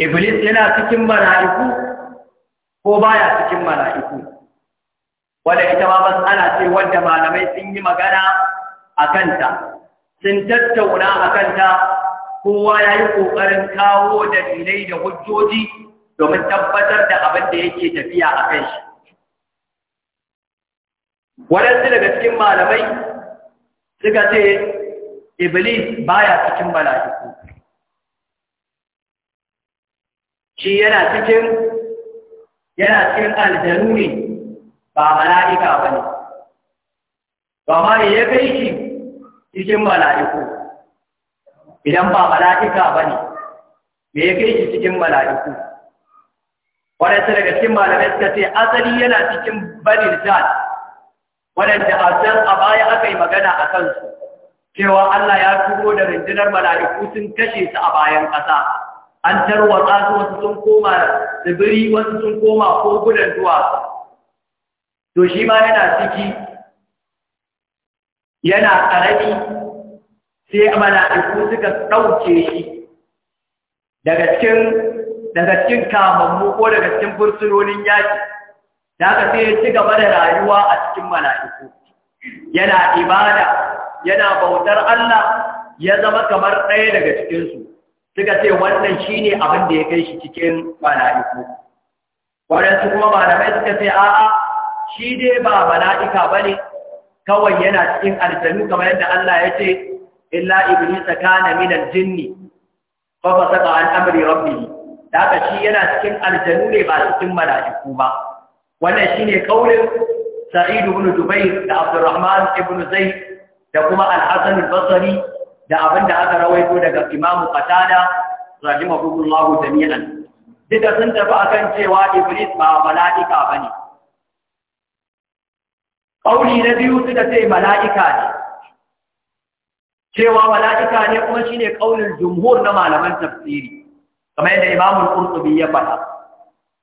Iblis yana cikin mala'iku ko baya cikin mala'iku. Wadda ita ma matsala ce wadda malamai sun yi magana a kanta, sun tattauna a kanta kowa ya yi ƙoƙarin kawo da dalilai da hujjoji domin tabbatar da abin da yake tafiya a kai shi. Waɗansu daga cikin malamai suka ce, Iblis baya cikin mala'iku. shi yana cikin yana cikin aljanu ne ba mala'ika ba ne ba ma ya kai shi cikin mala'iku idan ba mala'ika ba ne me ya kai shi cikin mala'iku waɗansu daga cikin malamai suka ce asali yana cikin banin jad waɗanda a can a baya aka yi magana a kansu cewa Allah ya turo da rundunar mala'iku sun kashe su a bayan ƙasa an tarwatsa su wasu sun koma tsibiri wasu sun koma ko kogunan zuwa. to shi ma yana ciki yana ƙarami sai mala'iku suka ɗauke shi daga cikin daga cikin kamammu ko daga cikin fursunonin yaƙi da aka sai ya ci gaba da rayuwa a cikin mala'iku yana ibada yana bautar Allah ya zama kamar ɗaya daga cikinsu suka ce wannan shine abin da ya kai shi cikin mala'iku waɗansu kuma malamai suka ce a'a shi dai ba mala'ika ba ne kawai yana cikin aljanu kamar yadda Allah ya ce illa iblisa kana min aljinni fa fasaqa an amri rabbih daga shi yana cikin aljanu ne ba cikin mala'iku ba wannan shine kaulin Sa'id ibn Jubair da Abdurrahman ibn Zaid da kuma Al-Hasan al-Basri da abin da aka rawaito daga imamu qatada rahimahullahu jami'an duka sun tafi akan cewa iblis ba mala'ika bane kauli na biyu suka ce mala'ika ne cewa mala'ika ne kuma shine kaulin jumhur na malaman tafsiri kamar yadda imamu qurtubi ya faɗa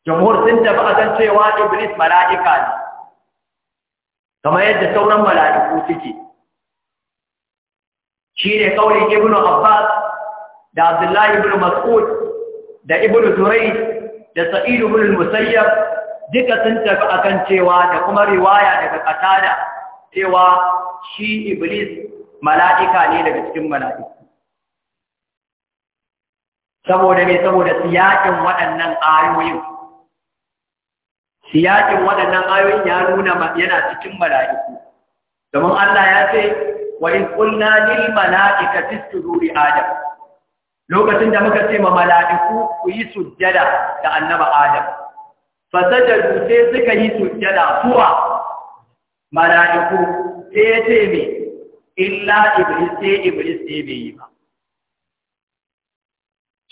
jumhur sun tafi akan cewa iblis mala'ika ne kamar yadda sauran mala'iku suke shi ne kawai ibn abbas da abdullahi ibn mas'ud da ibn turai da sa'id ibn musayyab duka sun tafi akan cewa da kuma riwaya daga katada cewa shi iblis mala'ika ne daga cikin mala'iku saboda ne saboda siyakin waɗannan ayoyin siyakin waɗannan ayoyin ya nuna yana cikin mala'iku domin Allah ya ce wa in qulna lil mala’ika isjudu li adam lokacin da muka ce ma malaiku ku yi sujjada da annaba adam fa sajadu sai suka yi sujjada suwa malaiku sai ya ce me illa iblis sai iblis sai bai yi ba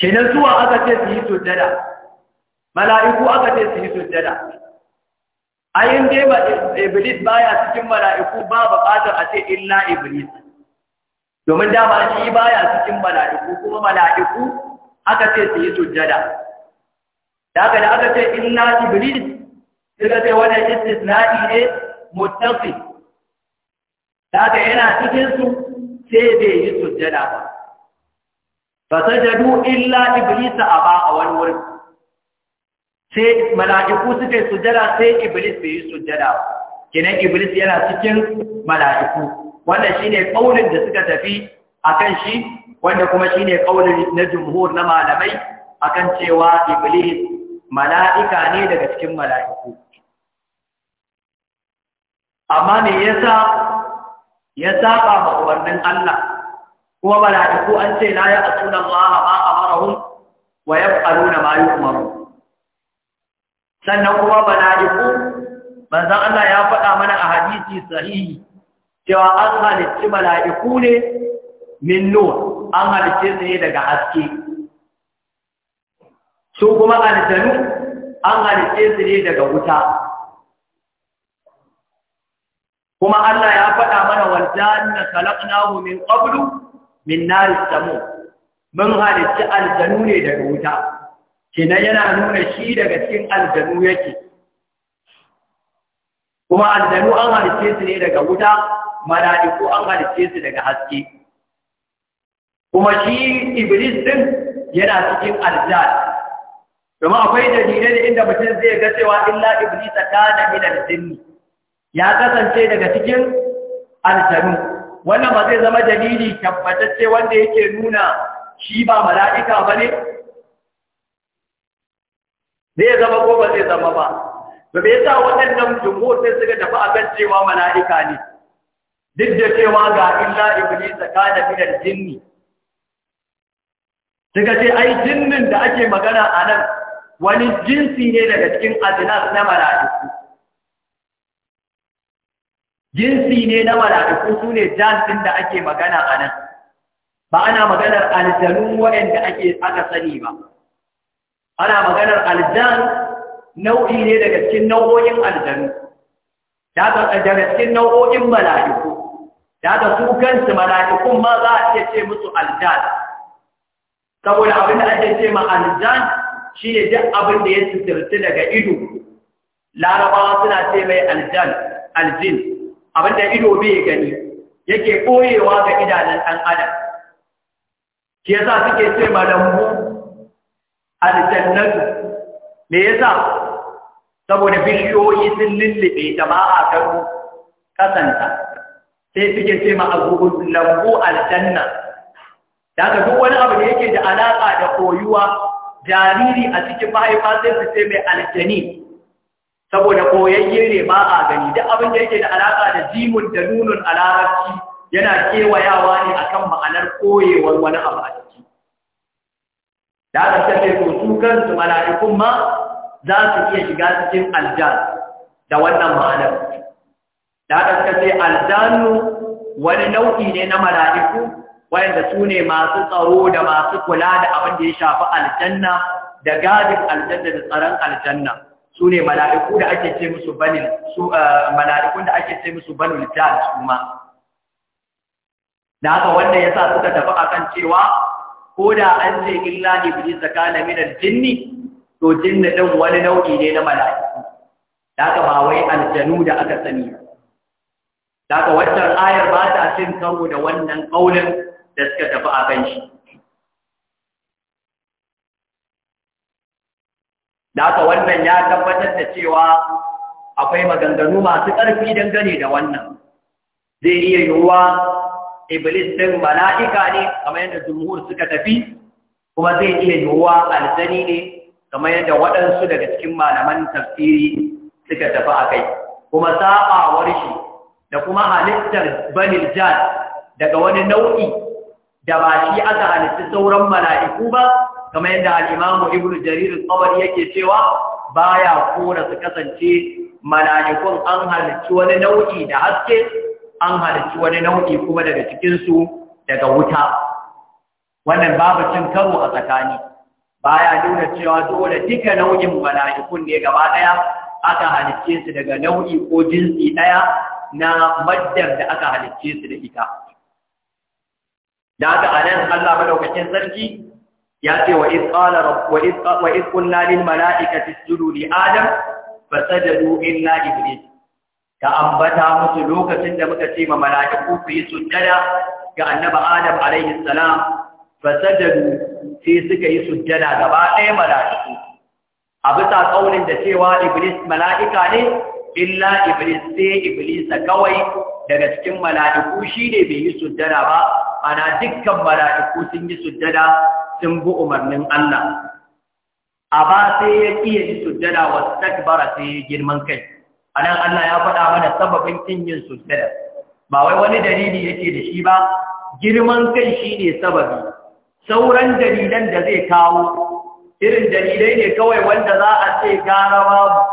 kenan suwa aka ce su yi sujjada malaiku aka ce su yi sujjada ayin dai ba iblis baya cikin mala'iku ba buƙatar a ce illa iblis domin dama shi baya cikin mala'iku kuma mala'iku aka ce su yi sujjada daga da aka ce illa iblis suka ce wannan istisna'i ne Da daga yana cikin su sai bai yi sujjada ba fasajadu illa iblis aba a wani wurin sai mala'iku suka yi sai iblis bai yi sujjada kenan iblis yana cikin mala'iku wanda shine ƙaunin da suka tafi kan shi wanda kuma shine ƙaunin na jumhur na malamai akan cewa iblis mala'ika ne daga cikin mala'iku amma me yasa ya saba ma umarnin Allah kuma mala'iku an ce la ya asuna ma’a ma amarahum wa mayu kuma yu'maru sannan kuma mala'iku manzon Allah ya faɗa mana a hadisi sahihi cewa an halicci mala'iku ne min nur an halicce su ne daga haske su kuma aljanu an halicce su ne daga wuta kuma Allah ya faɗa mana waljanna khalaqnahu min qablu min na samu mun halicci aljanu ne daga wuta kenan yana nuna shi daga cikin aljanu yake kuma aljanu an halice su ne daga wuta mala'iku an halice su daga haske kuma shi iblis din yana cikin aljan kuma akwai dalilai da inda mutum zai ga cewa illa iblis da min jinni ya kasance daga cikin aljanu wannan ba zai zama dalili tabbatacce wanda yake nuna shi ba mala'ika bane zai zama ko ba zai zama ba to me yasa waɗannan jumhur sai suka tafi a kan cewa mala'ika ne duk da cewa ga illa iblis ka da al-jinni suka ce ai jinnin da ake magana a nan wani jinsi ne daga cikin ajinas na mala'iku jinsi ne na mala'iku su ne jansin da ake magana a nan ba ana maganar aljanun waɗanda ake aka sani ba ana maganar aljan nau'i ne daga cikin nau'o'in aljanu daga cikin nau'o'in mala'iku daga su kansu mala'ikun ma za a iya ce musu aljan saboda abin da ake ce ma aljan shi ne duk abin da ya suturci daga ido larabawa suna ce mai aljan aljin abin da ido bai gani yake koyewa ga idanun ɗan adam ke yasa suke ce ma lambu aljannatu me yasa saboda bishiyoyi sun lullube da ba a kasanta sai suke ce ma azuhun lambu aljanna Da aka duk wani abu da yake da alaƙa da koyuwa jariri a cikin mahaifa sai su ce mai aljani saboda koyayye ne ba a gani duk abin da yake da alaƙa da jimun da nunun a yana kewayawa ne akan ma'anar koyewar wani abu da aka tafe ko su kansu mala'ikun ma za su iya shiga cikin aljan da wannan ma'anar da aka aljanu wani nau'i ne na mala'iku wanda su ne masu tsaro da masu kula da abin da ya shafi aljanna da gadin aljanna da tsaron aljanna su ne mala'iku da ake ce musu banil su eh, mala'ikun da ake ce musu banul da haka wanda yasa suka tafi akan cewa ko da an ce illa iblis kana min al-jinni to jinni din wani nau'i ne na mala'iku daga ba wai aljanu da aka sani ba daga wannan ayar ba ta cin karo da wannan kaulin da suka tafi a kan shi daga wannan ya tabbatar da cewa akwai maganganu masu ƙarfi dangane da wannan zai iya yiwuwa iblis din mala'ika ne kamar yadda jumhur suka tafi kuma zai iya yiwuwa aljani ne kamar yadda waɗansu daga cikin malaman tafsiri suka tafi a kai kuma saɓawar shi da kuma halittar banil jan daga wani nau'i da ba shi aka halitta sauran mala'iku ba kamar yadda al'imamu ibn jarir tsawar yake cewa baya kora su kasance mala'ikun an halicci wani nau'i da haske an halarci wani nau'i kuma daga cikinsu daga wuta wannan babu cin karo a tsakani baya nuna cewa dole duka nau'in mala'ikun ne gaba ɗaya aka halicce su daga nau'i ko jinsi ɗaya na maddar da aka halicce su da ita da aka anan Allah madaukakin sarki ya ce wa iz qala wa iz qulna lil mala'ikati isjudu li adam fasajadu illa iblis Ta ambata musu lokacin da muka ce ma mala'iku ku yi sujjada ga annabi Adam alaihi salam sajadu sai suka yi sujjada gaba ɗaya mala'iku a bisa kaulin da cewa iblis mala'ika ne illa iblis sai iblis kawai daga cikin mala'iku ne bai yi sujjada ba ana dukkan mala'iku sun yi sujjada sun bi umarnin Allah a ba sai ya ƙi yi sujjada wasu takbara sai ya girman kai a nan Allah ya faɗa mana sababin kin yin sujjada ba wai wani dalili yake da shi ba girman kai shi ne sababi sauran dalilan da zai kawo irin dalilai ne kawai wanda za a ce gara babu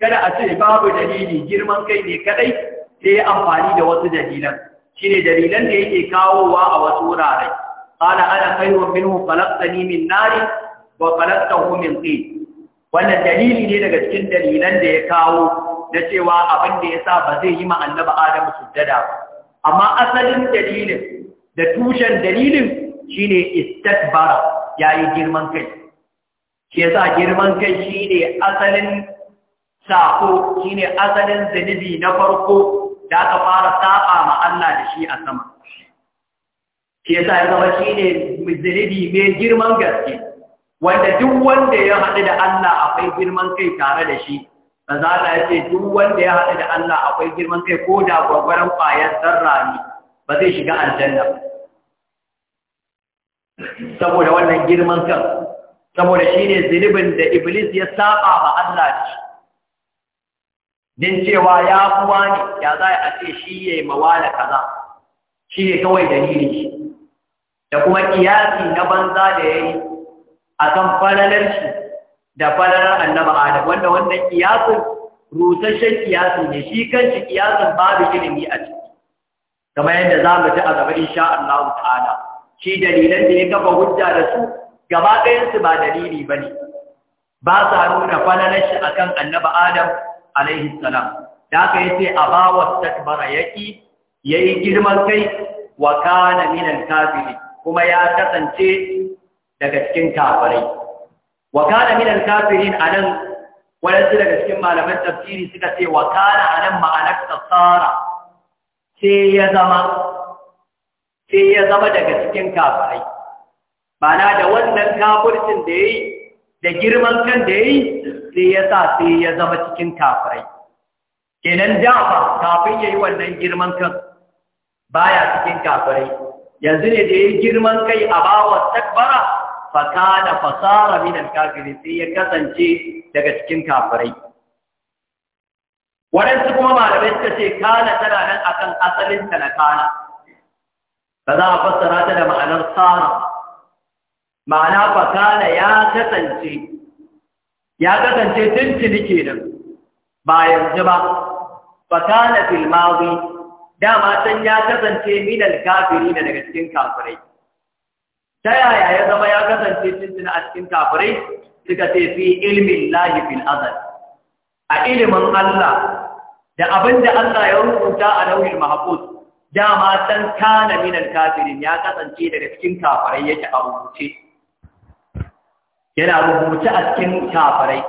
kada a ce babu dalili girman kai ne kadai sai amfani da wasu dalilan shi ne dalilan da yake kawowa a wasu wurare Ana kai wa minhu منه min من wa وخلقته min طين wannan dalili ne daga cikin dalilan da ya kawo da cewa abin da ya sa ba zai yi ma'annaba adam su dada ba amma asalin dalilin da tushen dalilin shine ya yi girman kai Ke sa girman kai shine asalin sako shine asalin zanibi na farko da aka fara saba ma Allah da shi a sama Ke sa ya zama shine zanibi mai girman gaske wanda duk wanda ya haɗu da Allah akwai girman kai tare da shi maza Allah ya ce duk wanda ya haɗu da Allah akwai girman kai ko da gwagwaran ƙwayar zarra ne ba zai shiga aljanna saboda wannan girman kan saboda shi ne zunubin da iblis ya saba ma Allah shi din cewa ya kuwa ne ya za a ce shi ya yi mawala kaza shi ne kawai dalili shi da kuma kiyasi na banza da ya yi a falalar shi da falalar annaba adam wanda wannan kiyasin rusasshen kiyasin ne shi kanci kiyasin babu ilimi a ciki kamar yadda za mu ji a gaba insha Allah ta'ala shi dalilan da ya kafa hujja da su gaba ɗayan su ba dalili bane ba sa nuna falalar shi akan annaba adam alaihi salam da aka yi sai a ba wa takbara ya yi girman kai wa kana minan kafiri kuma ya kasance daga cikin kafirai wa kana min al-kafirin anan wadansu daga cikin malaman tafsiri suka ce wa kana anan ma'anar tsara sai ya zama sai ya zama daga cikin kafirai ma'ana da wannan kafircin da yayi da girman kan da yayi sai ya sa sai ya zama cikin kafirai kenan dafa kafin yayi wannan girman kan baya cikin kafirai yanzu ne da yayi girman kai a bawa takbara fakana fasara min al sai ya kasance daga cikin kafirai waɗansu kuma malamai suka ce kana tana nan akan asalin ta na kana ba za a fassara ta da ma'anar tsara ma'ana fakana ya kasance ya kasance tuntuni kenan ba yanzu ba fakana fil madi dama san ya kasance min al-kafirin daga cikin kafirai ta yaya ya zama ya kasance tuntuna a cikin kafirai suka ce fi ilmin lahi fil azal a ilimin Allah da abin da Allah ya rubuta a nauyin mahfuz dama san kana minal kafirin ya kasance daga cikin kafirai yake a rubuce yana rubuce a cikin kafirai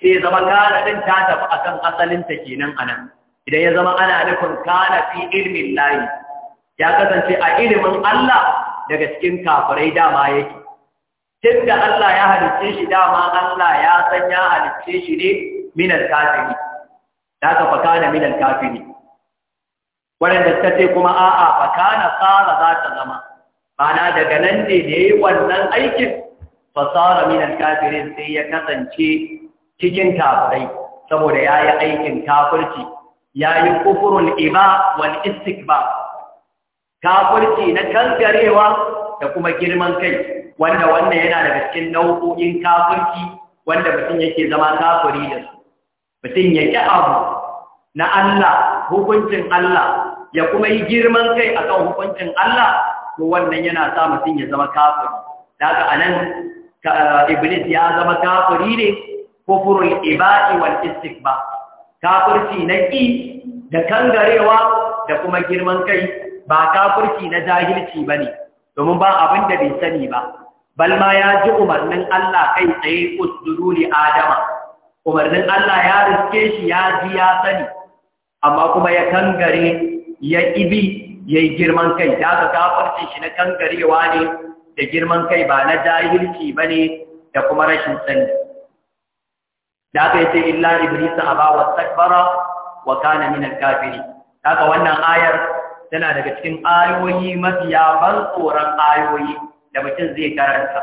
sai zama kana din ta tafi akan asalin ta kenan anan idan ya zama ana nufin kana fi ilmin lahi ya kasance a ilimin Allah daga cikin kafirai dama yake tunda Allah ya halicce shi dama Allah ya san ya halicce shi ne minal kafiri da ka faka na minal kafiri waɗanda suka ce kuma a'a faka na tsara za ta zama mana daga nan ne da yi wannan aikin fasara minal kafiri sai ya kasance cikin kafirai saboda ya yi aikin kafirci ya yi kufurul iba wal istikba kafirci na kangarewa da kuma girman kai wanda wannan yana daga cikin nau'o'in kafirci wanda mutum yake zama kafiri da su mutum ya ƙi abu na Allah hukuncin Allah ya kuma yi girman kai a kan hukuncin Allah ko wannan yana sa mutum ya zama kafiri daga anan eh, iblis ya zama kafiri ne kufurul ibadi wal istikbar kafirci na ƙi da kangarewa da kuma girman kai ba kafirci na jahilci ba ne domin ba abin da bai sani ba Balma ya ji umarnin Allah kai tsaye usduru ne adama umarnin Allah ya riske shi ya ji ya sani amma kuma ya kangare ya ibi ya yi girman kai da ga kafirci shi na kangarewa ne da girman kai ba na jahilci ba ne da kuma rashin sani da aka yi sai illa iblisa aba wa takbara wa kana min kafiri wannan ayar tana daga cikin ayoyi mafiya ban tsoron ayoyi da mutum zai karanta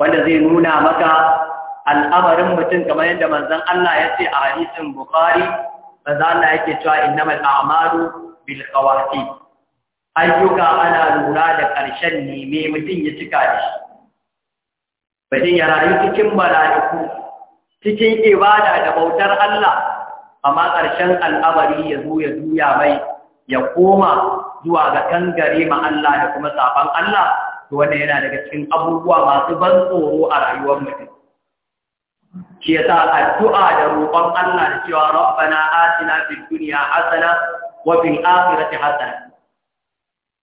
wanda zai nuna maka al'amarin mutum kamar yadda manzon Allah ya ce a hadisin Bukhari manzon Allah yake cewa innamal a'malu bil khawatim ayyuka ana lura da ƙarshen ne mutum ya cika da shi mutum ya rayu cikin mala'iku cikin ibada da bautar Allah amma ƙarshen al'amari ya zo ya juya mai ya koma zuwa ga kangare ma Allah da kuma saban Allah to wannan yana daga cikin abubuwa masu ban tsoro a rayuwar mutum Ke sa addu'a da roƙon Allah da cewa rabbana atina fid dunya hasana wa fil akhirati hasana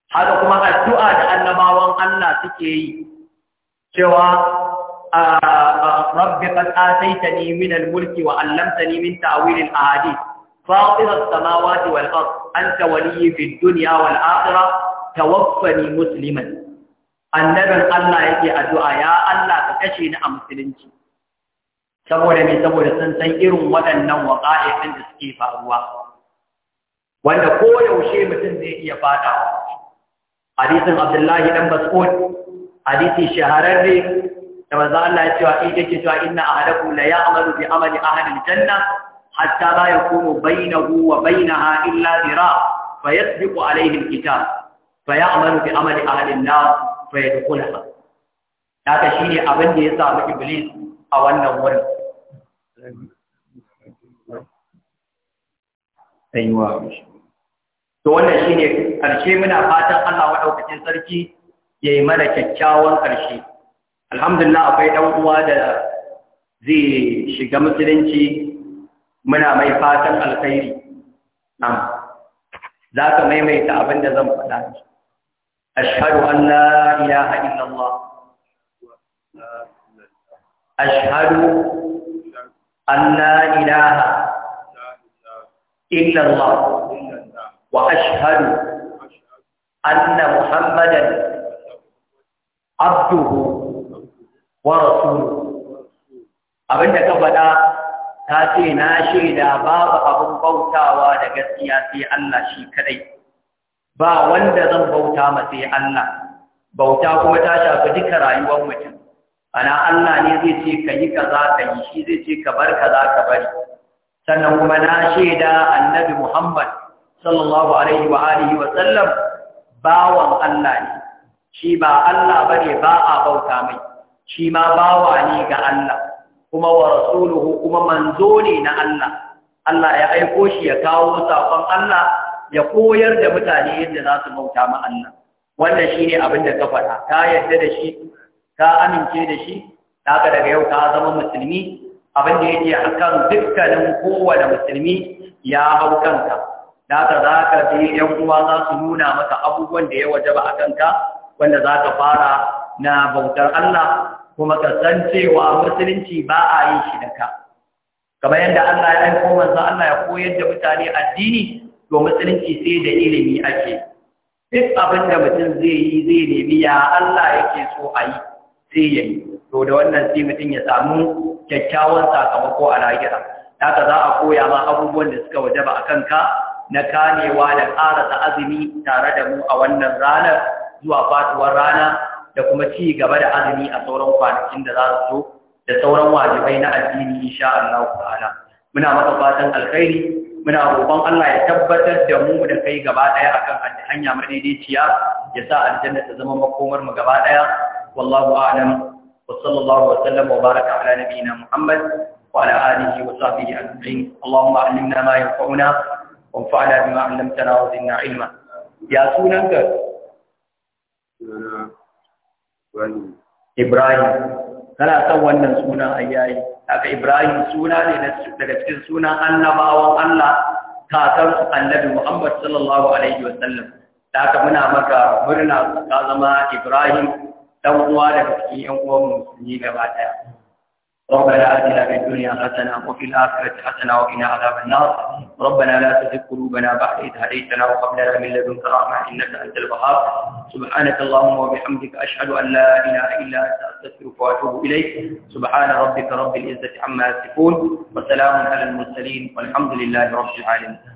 haka kuma addu'a da annabawan Allah suke yi cewa رب قد آتيتني من الملك وعلمتني من تأويل الأحاديث فاطر السماوات والأرض anta waliyyi fid dunya wal akhirah tawaffani annabin Allah yake addu'a ya Allah ka kashe ni a musulunci saboda me saboda sun san irin waɗannan waƙa'i ɗin da suke faruwa wanda ko yaushe mutum zai iya fada hadisin Abdullahi dan Mas'ud hadisi shahararre da manzo Allah ya ce idan ke cewa inna ahadakum la ya'malu bi amali ahli janna hatta la yakunu bainahu wa bainaha illa dira fa yasbiqu alayhi alkitab fa ya'malu bi amali ahli an-nar fa yadkhulaha haka shine abin da ya samu iblis a wannan wurin aiwa to wannan shine karshe muna fatan Allah madaukakin sarki yayi mana kyakkyawan karshe alhamdulillah akwai dan uwa da zai shiga musulunci muna mai fatan alkhairi na'am za ka maimaita abin da zan faɗa ashhadu an la ilaha illallah ashhadu an la ilaha illallah wa ashhadu anna muhammadan abduhu wa rasuluhu abinda ka faɗa ta ce na shaida babu abin bautawa da gaskiya sai Allah shi kadai ba wanda zan bauta ma sai Allah bauta kuma ta shafi duka rayuwar mutum ana Allah ne zai ce ka yi kaza ka yi shi zai ce ka bar kaza ka bari sannan kuma na shaida annabi Muhammad sallallahu alaihi wa alihi wa sallam bawan Allah ne shi ba Allah bane ba a bauta mai shi ma bawa ne ga Allah kuma wa rasuluhu kuma manzo ne na Allah Allah ya aiko shi ya kawo sakon Allah ya koyar da mutane yadda za su bauta ma Allah wannan shine abin da ka faɗa ka yarda da shi ka amince da shi daga daga yau ka zama musulmi abin da yake akan dukkanin kowane musulmi ya hau kanka daga za ka je yan uwa za su nuna maka abubuwan da ya wajaba a kanka wanda za ka fara na bautar Allah kuma ka san cewa musulunci ba a yi shi da ka kamar yadda Allah ya aiko manzo Allah ya koyar da mutane addini to musulunci sai da ilimi ake duk abin da mutum zai yi zai nemi ya Allah yake so a yi sai ya yi to da wannan sai mutum ya samu kyakkyawan sakamako a rayuwa haka za a koya ma abubuwan da suka wajaba a kanka na kanewa da ƙarasa azumi tare da mu a wannan ranar zuwa fatuwar rana da kuma ci gaba da azumi a sauran kwanakin da za su zo da sauran wajibai na addini insha Allah ta'ala muna maka fatan alkhairi muna roƙon Allah ya tabbatar da mu da kai gaba daya akan hanya madaidaiciya ya sa aljanna ta zama makomar mu gaba daya wallahu a'lam wa sallallahu wa sallam wa baraka ala nabiyyina Muhammad wa ala alihi wa sahbihi ajma'in Allahumma allimna ma yanfa'una wanfa'na bima 'allamtana wa zidna ilma ya sunanka Ibrahim kana son wannan suna ayyayi haka Ibrahim suna ne daga cikin sunan annabawan Allah kakan annabi Muhammad sallallahu alaihi wasallam haka muna maka murna ka zama Ibrahim ɗan uwa daga cikin 'yan uwan musulmi gaba ɗaya ربنا آتنا في الدنيا حسنة وفي الآخرة حسنة وقنا عذاب النار ربنا لا تزغ قلوبنا بعد إذ هديتنا وهب لنا من لدنك رحمة إنك أنت الوهاب سبحانك اللهم وبحمدك أشهد أن لا إله إلا أنت أستغفرك وأتوب إليك سبحان ربك رب العزة عما يصفون وسلام على المرسلين والحمد لله رب العالمين